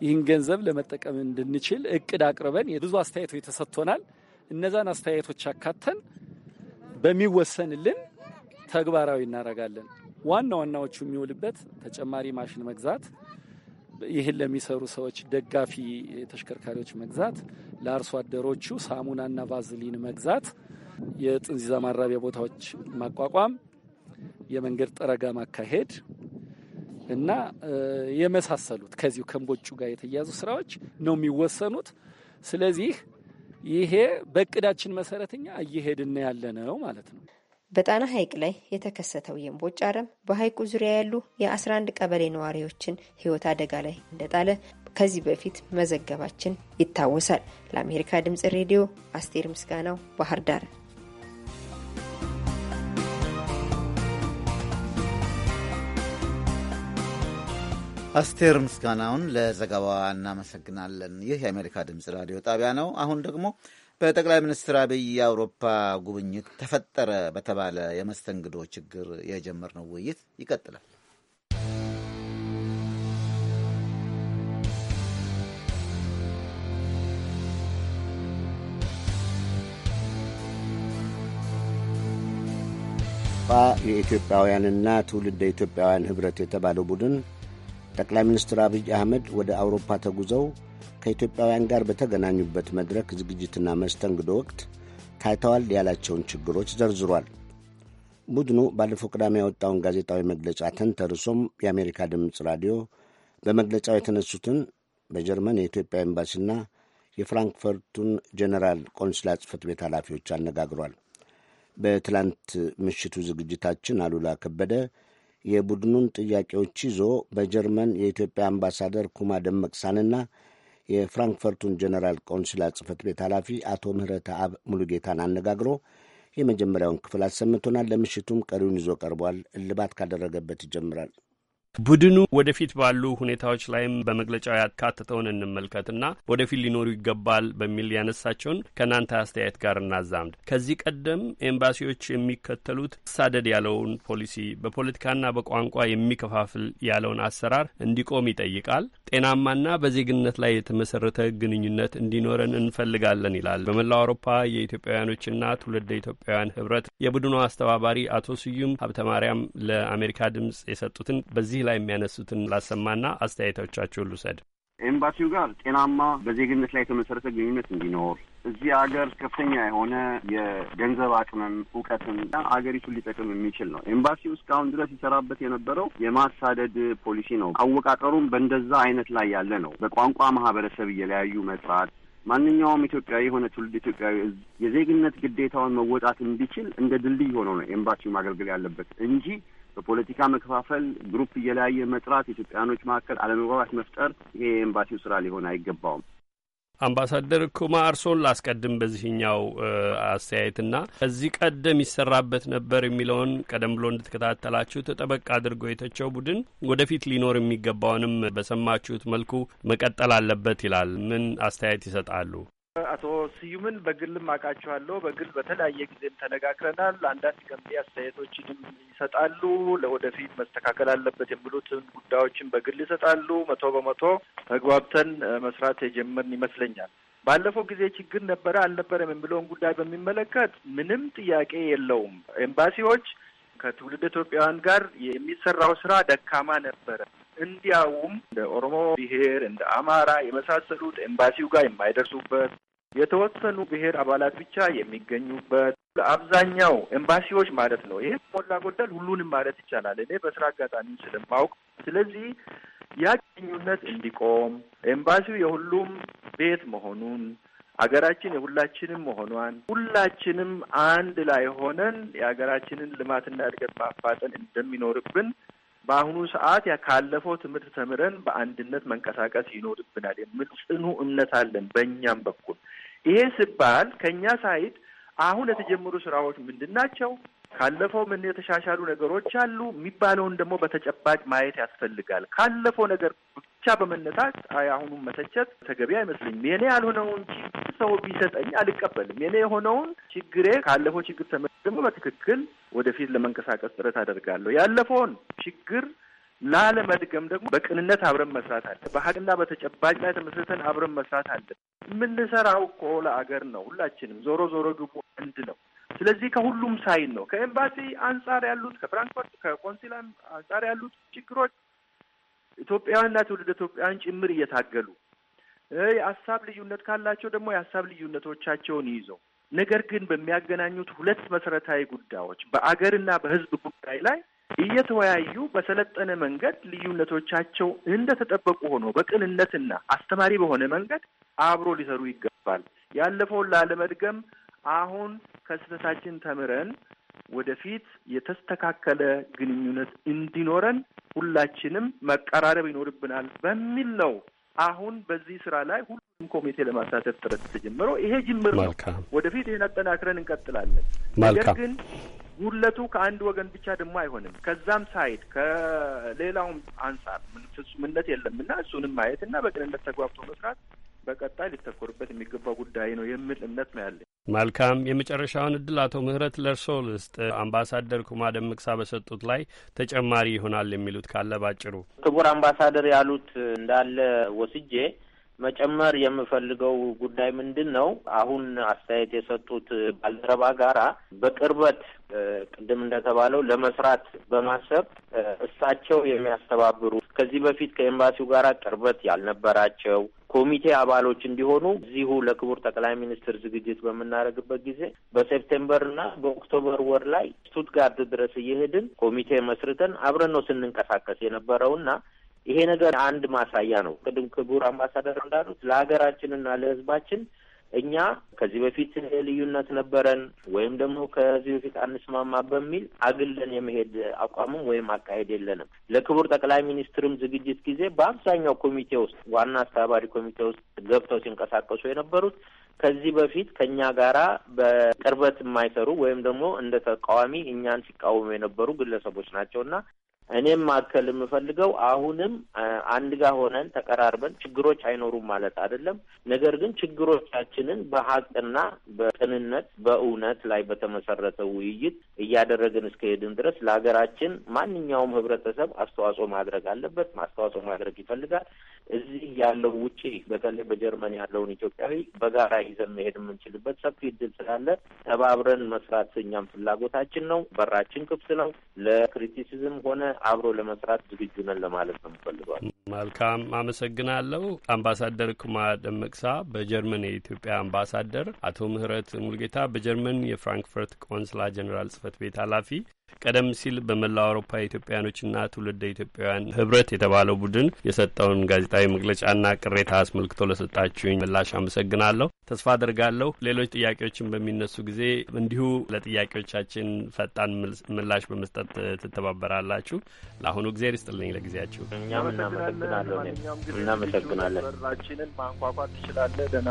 ይህን ገንዘብ ለመጠቀም እንድንችል እቅድ አቅርበን የብዙ አስተያየቶች ተሰጥቶናል። እነዛን አስተያየቶች አካተን በሚወሰንልን ተግባራዊ እናደርጋለን። ዋና ዋናዎቹ የሚውልበት ተጨማሪ ማሽን መግዛት፣ ይህን ለሚሰሩ ሰዎች ደጋፊ ተሽከርካሪዎች መግዛት፣ ለአርሶ አደሮቹ ሳሙናና ቫዝሊን መግዛት፣ የጥንዚዛ ማራቢያ ቦታዎች ማቋቋም፣ የመንገድ ጠረጋ ማካሄድ እና የመሳሰሉት ከዚሁ ከእምቦጩ ጋር የተያያዙ ስራዎች ነው የሚወሰኑት። ስለዚህ ይሄ በእቅዳችን መሰረተኛ እኛ እየሄድን ያለ ነው ማለት ነው። በጣና ሐይቅ ላይ የተከሰተው የእምቦጭ አረም በሐይቁ ዙሪያ ያሉ የ11 ቀበሌ ነዋሪዎችን ሕይወት አደጋ ላይ እንደጣለ ከዚህ በፊት መዘገባችን ይታወሳል። ለአሜሪካ ድምፅ ሬዲዮ አስቴር ምስጋናው ባህር ዳር። አስቴር ምስጋናውን ለዘገባዋ እናመሰግናለን። ይህ የአሜሪካ ድምፅ ራዲዮ ጣቢያ ነው። አሁን ደግሞ በጠቅላይ ሚኒስትር አብይ የአውሮፓ ጉብኝት ተፈጠረ በተባለ የመስተንግዶ ችግር የጀመርነው ውይይት ይቀጥላል። የኢትዮጵያውያንና ትውልደ ኢትዮጵያውያን ህብረት የተባለው ቡድን ጠቅላይ ሚኒስትር አብይ አህመድ ወደ አውሮፓ ተጉዘው ከኢትዮጵያውያን ጋር በተገናኙበት መድረክ ዝግጅትና መስተንግዶ ወቅት ታይተዋል ያላቸውን ችግሮች ዘርዝሯል። ቡድኑ ባለፈው ቅዳሜ ያወጣውን ጋዜጣዊ መግለጫ ተንተርሶም የአሜሪካ ድምፅ ራዲዮ በመግለጫው የተነሱትን በጀርመን የኢትዮጵያ ኤምባሲና የፍራንክፈርቱን ጀኔራል ቆንስላ ጽፈት ቤት ኃላፊዎች አነጋግሯል። በትላንት ምሽቱ ዝግጅታችን አሉላ ከበደ የቡድኑን ጥያቄዎች ይዞ በጀርመን የኢትዮጵያ አምባሳደር ኩማ ደመቅሳንና የፍራንክፈርቱን ጀነራል ቆንስላ ጽህፈት ቤት ኃላፊ አቶ ምህረተ አብ ሙሉጌታን አነጋግሮ የመጀመሪያውን ክፍል አሰምቶናል። ለምሽቱም ቀሪውን ይዞ ቀርቧል። እልባት ካደረገበት ይጀምራል። ቡድኑ ወደፊት ባሉ ሁኔታዎች ላይም በመግለጫው ያካትተውን እንመልከትና ወደፊት ሊኖሩ ይገባል በሚል ያነሳቸውን ከእናንተ አስተያየት ጋር እናዛምድ። ከዚህ ቀደም ኤምባሲዎች የሚከተሉት ሳደድ ያለውን ፖሊሲ በፖለቲካና በቋንቋ የሚከፋፍል ያለውን አሰራር እንዲቆም ይጠይቃል። ጤናማና በዜግነት ላይ የተመሰረተ ግንኙነት እንዲኖረን እንፈልጋለን ይላል። በመላው አውሮፓ የኢትዮጵያውያኖችና ትውልደ ኢትዮጵያውያን ህብረት የቡድኑ አስተባባሪ አቶ ስዩም ሀብተማርያም ለአሜሪካ ድምጽ የሰጡትን በዚህ ላ የሚያነሱትን ላሰማና አስተያየቶቻችሁን ልውሰድ። ኤምባሲው ጋር ጤናማ በዜግነት ላይ የተመሰረተ ግንኙነት እንዲኖር እዚህ ሀገር ከፍተኛ የሆነ የገንዘብ አቅምም እውቀትም አገሪቱን ሊጠቅም የሚችል ነው። ኤምባሲው እስካሁን ድረስ ሲሰራበት የነበረው የማሳደድ ፖሊሲ ነው። አወቃቀሩም በእንደዛ አይነት ላይ ያለ ነው። በቋንቋ ማህበረሰብ እየለያዩ መጥራት ማንኛውም ኢትዮጵያዊ የሆነ ትውልድ ኢትዮጵያዊ የዜግነት ግዴታውን መወጣት እንዲችል እንደ ድልድይ ሆኖ ነው ኤምባሲው ማገልገል ያለበት እንጂ በፖለቲካ መከፋፈል፣ ግሩፕ እየለያየ መጥራት፣ ኢትዮጵያኖች መካከል አለመግባባት መፍጠር ይሄ የኤምባሲው ስራ ሊሆን አይገባውም። አምባሳደር ኩማ እርሶን ላስቀድም በዚህኛው አስተያየትና ከዚህ ቀደም ይሰራበት ነበር የሚለውን ቀደም ብሎ እንደተከታተላችሁ ተጠበቅ አድርጎ የተቸው ቡድን ወደፊት ሊኖር የሚገባውንም በሰማችሁት መልኩ መቀጠል አለበት ይላል። ምን አስተያየት ይሰጣሉ? አቶ ስዩምን በግልም አውቃቸዋለሁ። በግል በተለያየ ጊዜም ተነጋግረናል። አንዳንድ ገንቢ አስተያየቶችንም ይሰጣሉ። ለወደፊት መስተካከል አለበት የሚሉትን ጉዳዮችን በግል ይሰጣሉ። መቶ በመቶ ተግባብተን መስራት የጀመርን ይመስለኛል። ባለፈው ጊዜ ችግር ነበረ አልነበረም የሚለውን ጉዳይ በሚመለከት ምንም ጥያቄ የለውም። ኤምባሲዎች ከትውልድ ኢትዮጵያውያን ጋር የሚሰራው ስራ ደካማ ነበረ። እንዲያውም እንደ ኦሮሞ ብሔር እንደ አማራ የመሳሰሉት ኤምባሲው ጋር የማይደርሱበት የተወሰኑ ብሔር አባላት ብቻ የሚገኙበት አብዛኛው ኤምባሲዎች ማለት ነው። ይህ ሞላ ጎደል ሁሉንም ማለት ይቻላል እኔ በስራ አጋጣሚ ስለማውቅ። ስለዚህ ያ ግንኙነት እንዲቆም ኤምባሲው የሁሉም ቤት መሆኑን ሀገራችን የሁላችንም መሆኗን ሁላችንም አንድ ላይ ሆነን የሀገራችንን ልማትና እድገት ማፋጠን እንደሚኖርብን በአሁኑ ሰዓት ካለፈው ትምህርት ተምረን በአንድነት መንቀሳቀስ ይኖርብናል የሚል ጽኑ እምነት አለን በእኛም በኩል። ይሄ ሲባል ከእኛ ሳይድ አሁን የተጀመሩ ስራዎች ምንድን ናቸው? ካለፈው ምን የተሻሻሉ ነገሮች አሉ የሚባለውን ደግሞ በተጨባጭ ማየት ያስፈልጋል። ካለፈው ነገር ብቻ በመነሳት አሁኑን መተቸት ተገቢ አይመስለኝም። የኔ ያልሆነውን ችግር ሰው ቢሰጠኝ አልቀበልም። የኔ የሆነውን ችግሬ ካለፈው ችግር ተመ ደግሞ በትክክል ወደፊት ለመንቀሳቀስ ጥረት አደርጋለሁ። ያለፈውን ችግር ላለመድገም ደግሞ በቅንነት አብረን መስራት አለ። በሀቅና በተጨባጭ ላይ ተመስርተን አብረን መስራት አለ። የምንሰራው እኮ ለአገር ነው። ሁላችንም ዞሮ ዞሮ ግቡ አንድ ነው። ስለዚህ ከሁሉም ሳይን ነው ከኤምባሲ አንጻር ያሉት ከፍራንክፈርት ከቆንሲላ አንጻር ያሉት ችግሮች ኢትዮጵያውያንና ትውልድ ኢትዮጵያውያን ጭምር እየታገሉ የሀሳብ ልዩነት ካላቸው ደግሞ የሀሳብ ልዩነቶቻቸውን ይዘው ነገር ግን በሚያገናኙት ሁለት መሰረታዊ ጉዳዮች በአገርና በሕዝብ ጉዳይ ላይ እየተወያዩ በሰለጠነ መንገድ ልዩነቶቻቸው እንደተጠበቁ ሆኖ በቅንነትና አስተማሪ በሆነ መንገድ አብሮ ሊሰሩ ይገባል። ያለፈውን ላለመድገም አሁን ከስህተታችን ተምረን ወደፊት የተስተካከለ ግንኙነት እንዲኖረን ሁላችንም መቀራረብ ይኖርብናል በሚል ነው። አሁን በዚህ ስራ ላይ ሁሉም ኮሚቴ ለማሳተፍ ጥረት ተጀምሮ ይሄ ጅምር ነው። ወደፊት ይህን አጠናክረን እንቀጥላለን። ነገር ግን ጉድለቱ ከአንድ ወገን ብቻ ደግሞ አይሆንም። ከዛም ሳይድ ከሌላውም አንጻር ፍጹምነት የለምና እሱንም ማየት እና በቅንነት ተጓብቶ መስራት በቀጣይ ሊተኮርበት የሚገባ ጉዳይ ነው የሚል እምነት ነው ያለኝ። መልካም። የመጨረሻውን እድል አቶ ምህረት ለእርስዎ ልስጥ። አምባሳደር ኩማ ደመቅሳ በሰጡት ላይ ተጨማሪ ይሆናል የሚሉት ካለ ባጭሩ። ክቡር አምባሳደር ያሉት እንዳለ ወስጄ መጨመር የምፈልገው ጉዳይ ምንድን ነው? አሁን አስተያየት የሰጡት ባልደረባ ጋራ በቅርበት ቅድም እንደተባለው ለመስራት በማሰብ እሳቸው የሚያስተባብሩ ከዚህ በፊት ከኤምባሲው ጋራ ቅርበት ያልነበራቸው ኮሚቴ አባሎች እንዲሆኑ እዚሁ ለክቡር ጠቅላይ ሚኒስትር ዝግጅት በምናደርግበት ጊዜ በሴፕቴምበር እና በኦክቶበር ወር ላይ ስቱትጋርድ ድረስ እየሄድን ኮሚቴ መስርተን አብረን ነው ስንንቀሳቀስ የነበረውና ይሄ ነገር አንድ ማሳያ ነው። ቅድም ክቡር አምባሳደር እንዳሉት ለሀገራችንና ለህዝባችን እኛ ከዚህ በፊት ልዩነት ነበረን ወይም ደግሞ ከዚህ በፊት አንስማማ በሚል አግለን የመሄድ አቋምም ወይም አካሄድ የለንም። ለክቡር ጠቅላይ ሚኒስትርም ዝግጅት ጊዜ በአብዛኛው ኮሚቴ ውስጥ ዋና አስተባባሪ ኮሚቴ ውስጥ ገብተው ሲንቀሳቀሱ የነበሩት ከዚህ በፊት ከእኛ ጋራ በቅርበት የማይሰሩ ወይም ደግሞ እንደ ተቃዋሚ እኛን ሲቃወሙ የነበሩ ግለሰቦች ናቸው እና እኔም ማከል የምፈልገው አሁንም አንድ ጋር ሆነን ተቀራርበን ችግሮች አይኖሩም ማለት አይደለም። ነገር ግን ችግሮቻችንን በሀቅና በቅንነት በእውነት ላይ በተመሰረተ ውይይት እያደረግን እስከሄድን ድረስ ለሀገራችን ማንኛውም ህብረተሰብ አስተዋጽኦ ማድረግ አለበት፣ አስተዋጽኦ ማድረግ ይፈልጋል። እዚህ ያለው ውጪ በተለይ በጀርመን ያለውን ኢትዮጵያዊ በጋራ ይዘን መሄድ የምንችልበት ሰፊ እድል ስላለ ተባብረን መስራት እኛም ፍላጎታችን ነው። በራችን ክፍት ነው ለክሪቲሲዝም ሆነ አብሮ ለመስራት ዝግጁ ነን ለማለት ነው ምፈልገዋል። መልካም አመሰግናለሁ። አምባሳደር ኩማ ደመቅሳ በጀርመን የኢትዮጵያ አምባሳደር፣ አቶ ምህረት ሙልጌታ በጀርመን የፍራንክፈርት ቆንስላ ጀኔራል ጽህፈት ቤት ኃላፊ ቀደም ሲል በመላው አውሮፓ የኢትዮጵያውያኖችና ትውልደ ኢትዮጵያውያን ህብረት የተባለው ቡድን የሰጠውን ጋዜጣዊ መግለጫና ቅሬታ አስመልክቶ ለሰጣችሁኝ ምላሽ አመሰግናለሁ። ተስፋ አድርጋለሁ ሌሎች ጥያቄዎችን በሚነሱ ጊዜ እንዲሁ ለጥያቄዎቻችን ፈጣን ምላሽ በመስጠት ትተባበራላችሁ። ለአሁኑ እግዜር ይስጥልኝ ለጊዜያችሁ። እኛም እናመሰግናለን። እናመሰግናለን። በራችንን ማንኳኳት ትችላለ። ደህና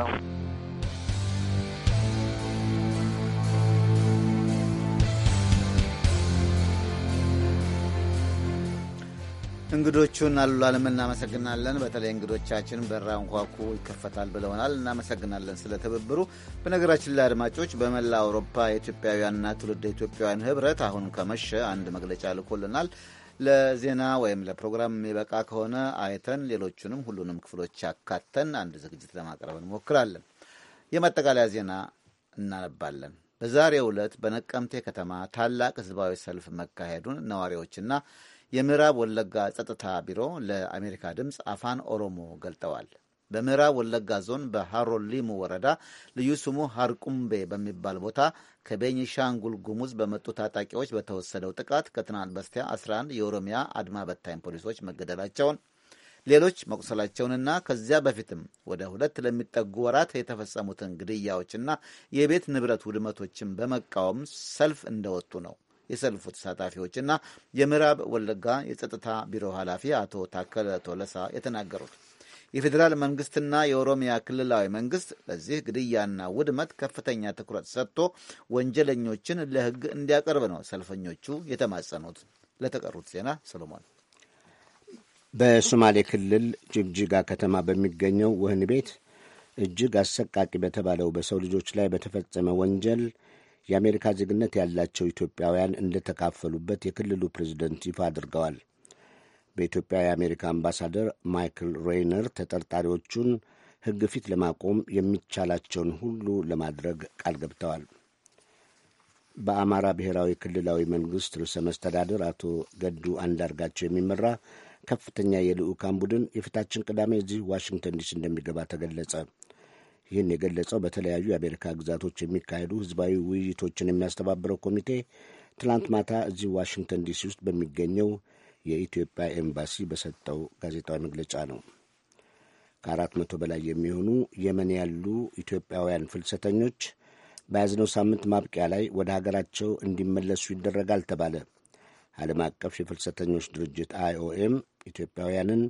እንግዶቹን አሉላ እናመሰግናለን። በተለይ እንግዶቻችን በራ እንኳኩ ይከፈታል ብለውናል። እናመሰግናለን ስለ ትብብሩ። በነገራችን ላይ አድማጮች፣ በመላ አውሮፓ የኢትዮጵያውያንና ትውልደ ኢትዮጵያውያን ህብረት አሁን ከመሸ አንድ መግለጫ ልኮልናል። ለዜና ወይም ለፕሮግራም የሚበቃ ከሆነ አይተን ሌሎቹንም ሁሉንም ክፍሎች ያካተን አንድ ዝግጅት ለማቅረብ እንሞክራለን። የማጠቃለያ ዜና እናነባለን። በዛሬው ዕለት በነቀምቴ ከተማ ታላቅ ህዝባዊ ሰልፍ መካሄዱን ነዋሪዎችና የምዕራብ ወለጋ ጸጥታ ቢሮ ለአሜሪካ ድምፅ አፋን ኦሮሞ ገልጠዋል። በምዕራብ ወለጋ ዞን በሃሮሊሙ ወረዳ ልዩ ስሙ ሃርቁምቤ በሚባል ቦታ ከቤኒሻንጉል ጉሙዝ በመጡ ታጣቂዎች በተወሰደው ጥቃት ከትናንት በስቲያ 11 የኦሮሚያ አድማ በታኝ ፖሊሶች መገደላቸውን ሌሎች መቁሰላቸውንና ከዚያ በፊትም ወደ ሁለት ለሚጠጉ ወራት የተፈጸሙትን ግድያዎችና የቤት ንብረት ውድመቶችን በመቃወም ሰልፍ እንደወጡ ነው የሰልፉ ተሳታፊዎችና የምዕራብ ወለጋ የጸጥታ ቢሮ ኃላፊ አቶ ታከለ ቶለሳ የተናገሩት። የፌዴራል መንግስትና የኦሮሚያ ክልላዊ መንግስት ለዚህ ግድያና ውድመት ከፍተኛ ትኩረት ሰጥቶ ወንጀለኞችን ለሕግ እንዲያቀርብ ነው ሰልፈኞቹ የተማጸኑት። ለተቀሩት ዜና ሰሎሞን። በሶማሌ ክልል ጅግጅጋ ከተማ በሚገኘው ወህኒ ቤት እጅግ አሰቃቂ በተባለው በሰው ልጆች ላይ በተፈጸመ ወንጀል የአሜሪካ ዜግነት ያላቸው ኢትዮጵያውያን እንደተካፈሉበት የክልሉ ፕሬዝደንት ይፋ አድርገዋል። በኢትዮጵያ የአሜሪካ አምባሳደር ማይክል ሬይነር ተጠርጣሪዎቹን ሕግ ፊት ለማቆም የሚቻላቸውን ሁሉ ለማድረግ ቃል ገብተዋል። በአማራ ብሔራዊ ክልላዊ መንግሥት ርዕሰ መስተዳድር አቶ ገዱ አንዳርጋቸው የሚመራ ከፍተኛ የልዑካን ቡድን የፊታችን ቅዳሜ እዚህ ዋሽንግተን ዲሲ እንደሚገባ ተገለጸ። ይህን የገለጸው በተለያዩ የአሜሪካ ግዛቶች የሚካሄዱ ህዝባዊ ውይይቶችን የሚያስተባብረው ኮሚቴ ትላንት ማታ እዚህ ዋሽንግተን ዲሲ ውስጥ በሚገኘው የኢትዮጵያ ኤምባሲ በሰጠው ጋዜጣዊ መግለጫ ነው። ከአራት መቶ በላይ የሚሆኑ የመን ያሉ ኢትዮጵያውያን ፍልሰተኞች በያዝነው ሳምንት ማብቂያ ላይ ወደ ሀገራቸው እንዲመለሱ ይደረጋል ተባለ። ዓለም አቀፍ የፍልሰተኞች ድርጅት አይኦኤም ኢትዮጵያውያንን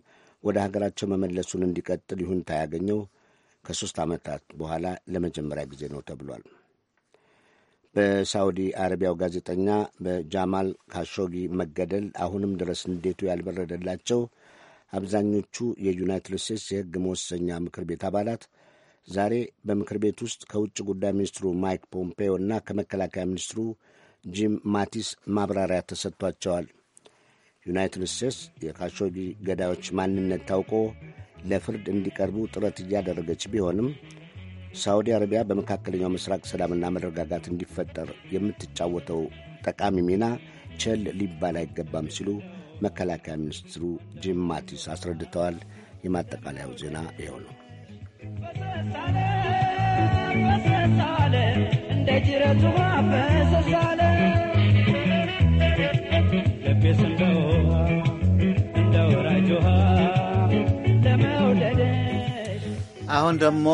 ወደ ሀገራቸው መመለሱን እንዲቀጥል ይሁንታ ያገኘው ከሶስት ዓመታት በኋላ ለመጀመሪያ ጊዜ ነው ተብሏል። በሳውዲ አረቢያው ጋዜጠኛ በጃማል ካሾጊ መገደል አሁንም ድረስ እንዴቱ ያልበረደላቸው አብዛኞቹ የዩናይትድ ስቴትስ የሕግ መወሰኛ ምክር ቤት አባላት ዛሬ በምክር ቤት ውስጥ ከውጭ ጉዳይ ሚኒስትሩ ማይክ ፖምፔዮ እና ከመከላከያ ሚኒስትሩ ጂም ማቲስ ማብራሪያ ተሰጥቷቸዋል። ዩናይትድ ስቴትስ የካሾጊ ገዳዮች ማንነት ታውቆ ለፍርድ እንዲቀርቡ ጥረት እያደረገች ቢሆንም ሳዑዲ አረቢያ በመካከለኛው ምስራቅ ሰላምና መረጋጋት እንዲፈጠር የምትጫወተው ጠቃሚ ሚና ቸል ሊባል አይገባም ሲሉ መከላከያ ሚኒስትሩ ጂም ማቲስ አስረድተዋል። የማጠቃለያው ዜና ይኸው ነው። እንደ ጅረቱ እንደ ወራጅ ውሃ አሁን ደግሞ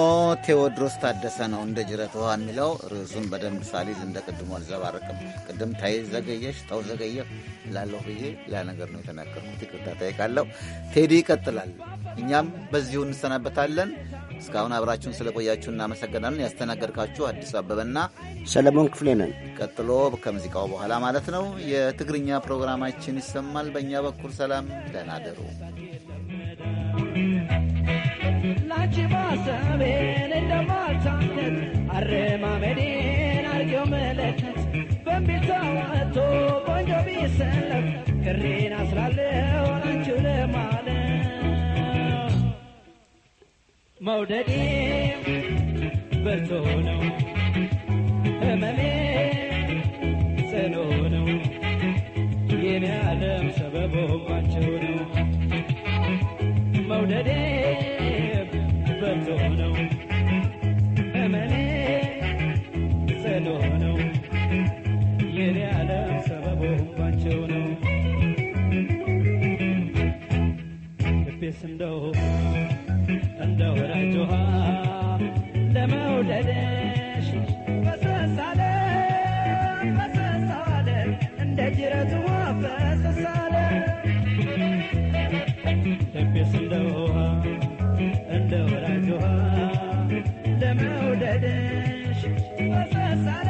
ቴዎድሮስ ታደሰ ነው እንደ ጅረት ውሃ የሚለው ርዕሱን በደንብ ሳሊዝ እንደ ቅድሞ አልዘባረቅም። ቅድም ታይ ዘገየሽ ተው ዘገየ ላለሁ ብዬ ሌላ ነገር ነው የተናገርኩት። ይቅርታ ጠይቃለሁ። ቴዲ ይቀጥላል። እኛም በዚሁ እንሰናበታለን። እስካሁን አብራችሁን ስለቆያችሁ እናመሰግናለን። ያስተናገድካችሁ አዲስ አበበና ሰለሞን ክፍሌ ነን። ቀጥሎ ከሙዚቃው በኋላ ማለት ነው የትግርኛ ፕሮግራማችን ይሰማል። በእኛ በኩል ሰላም፣ ደህና ማሰቤን እንደ አረማመዴን አርጌው መለከት በሚል ተዋቶ ቆንጆ ቢሰለፍ ክሬን አስራለው ላንቺው መውደዴ ነው ህመሜ ጽኖ ነው የኔ ዓለም ነው መውደዴ እንደው እንደ ወራጅ ውሃ ለመውደደሽ ፈሰሳለ ፈሰሳለ እንደ ጅረት ውሃ ፈሰሳለ ልቤስ እንደ ውሃ እንደ ወራጅ ውሃ ለመውደደሽ ፈሰሳለ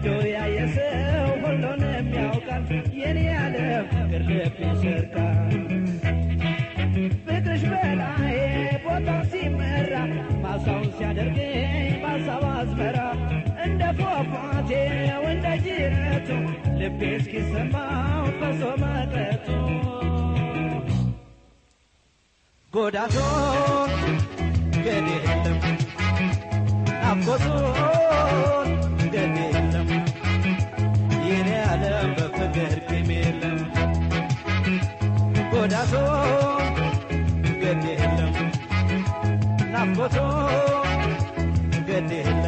ወዶ ያየ ሰው ሁሉንም ያውቃል። የኔ ዓለም ፍቅር ልብ ይሰርቃል። ፍቅርሽ በላይ ቦታው ሲመራ ማሳውን ሲያደርገኝ ባሳብ አዝመራ እንደ ፏፏቴው እንደ ጅረቱ ልቤ እስኪሰማው ፈሶ መጠጡ ጎዳቶ ገድ የለም ናፍቆቱን gargameela godhatoo gargameela naafotoo gargameela.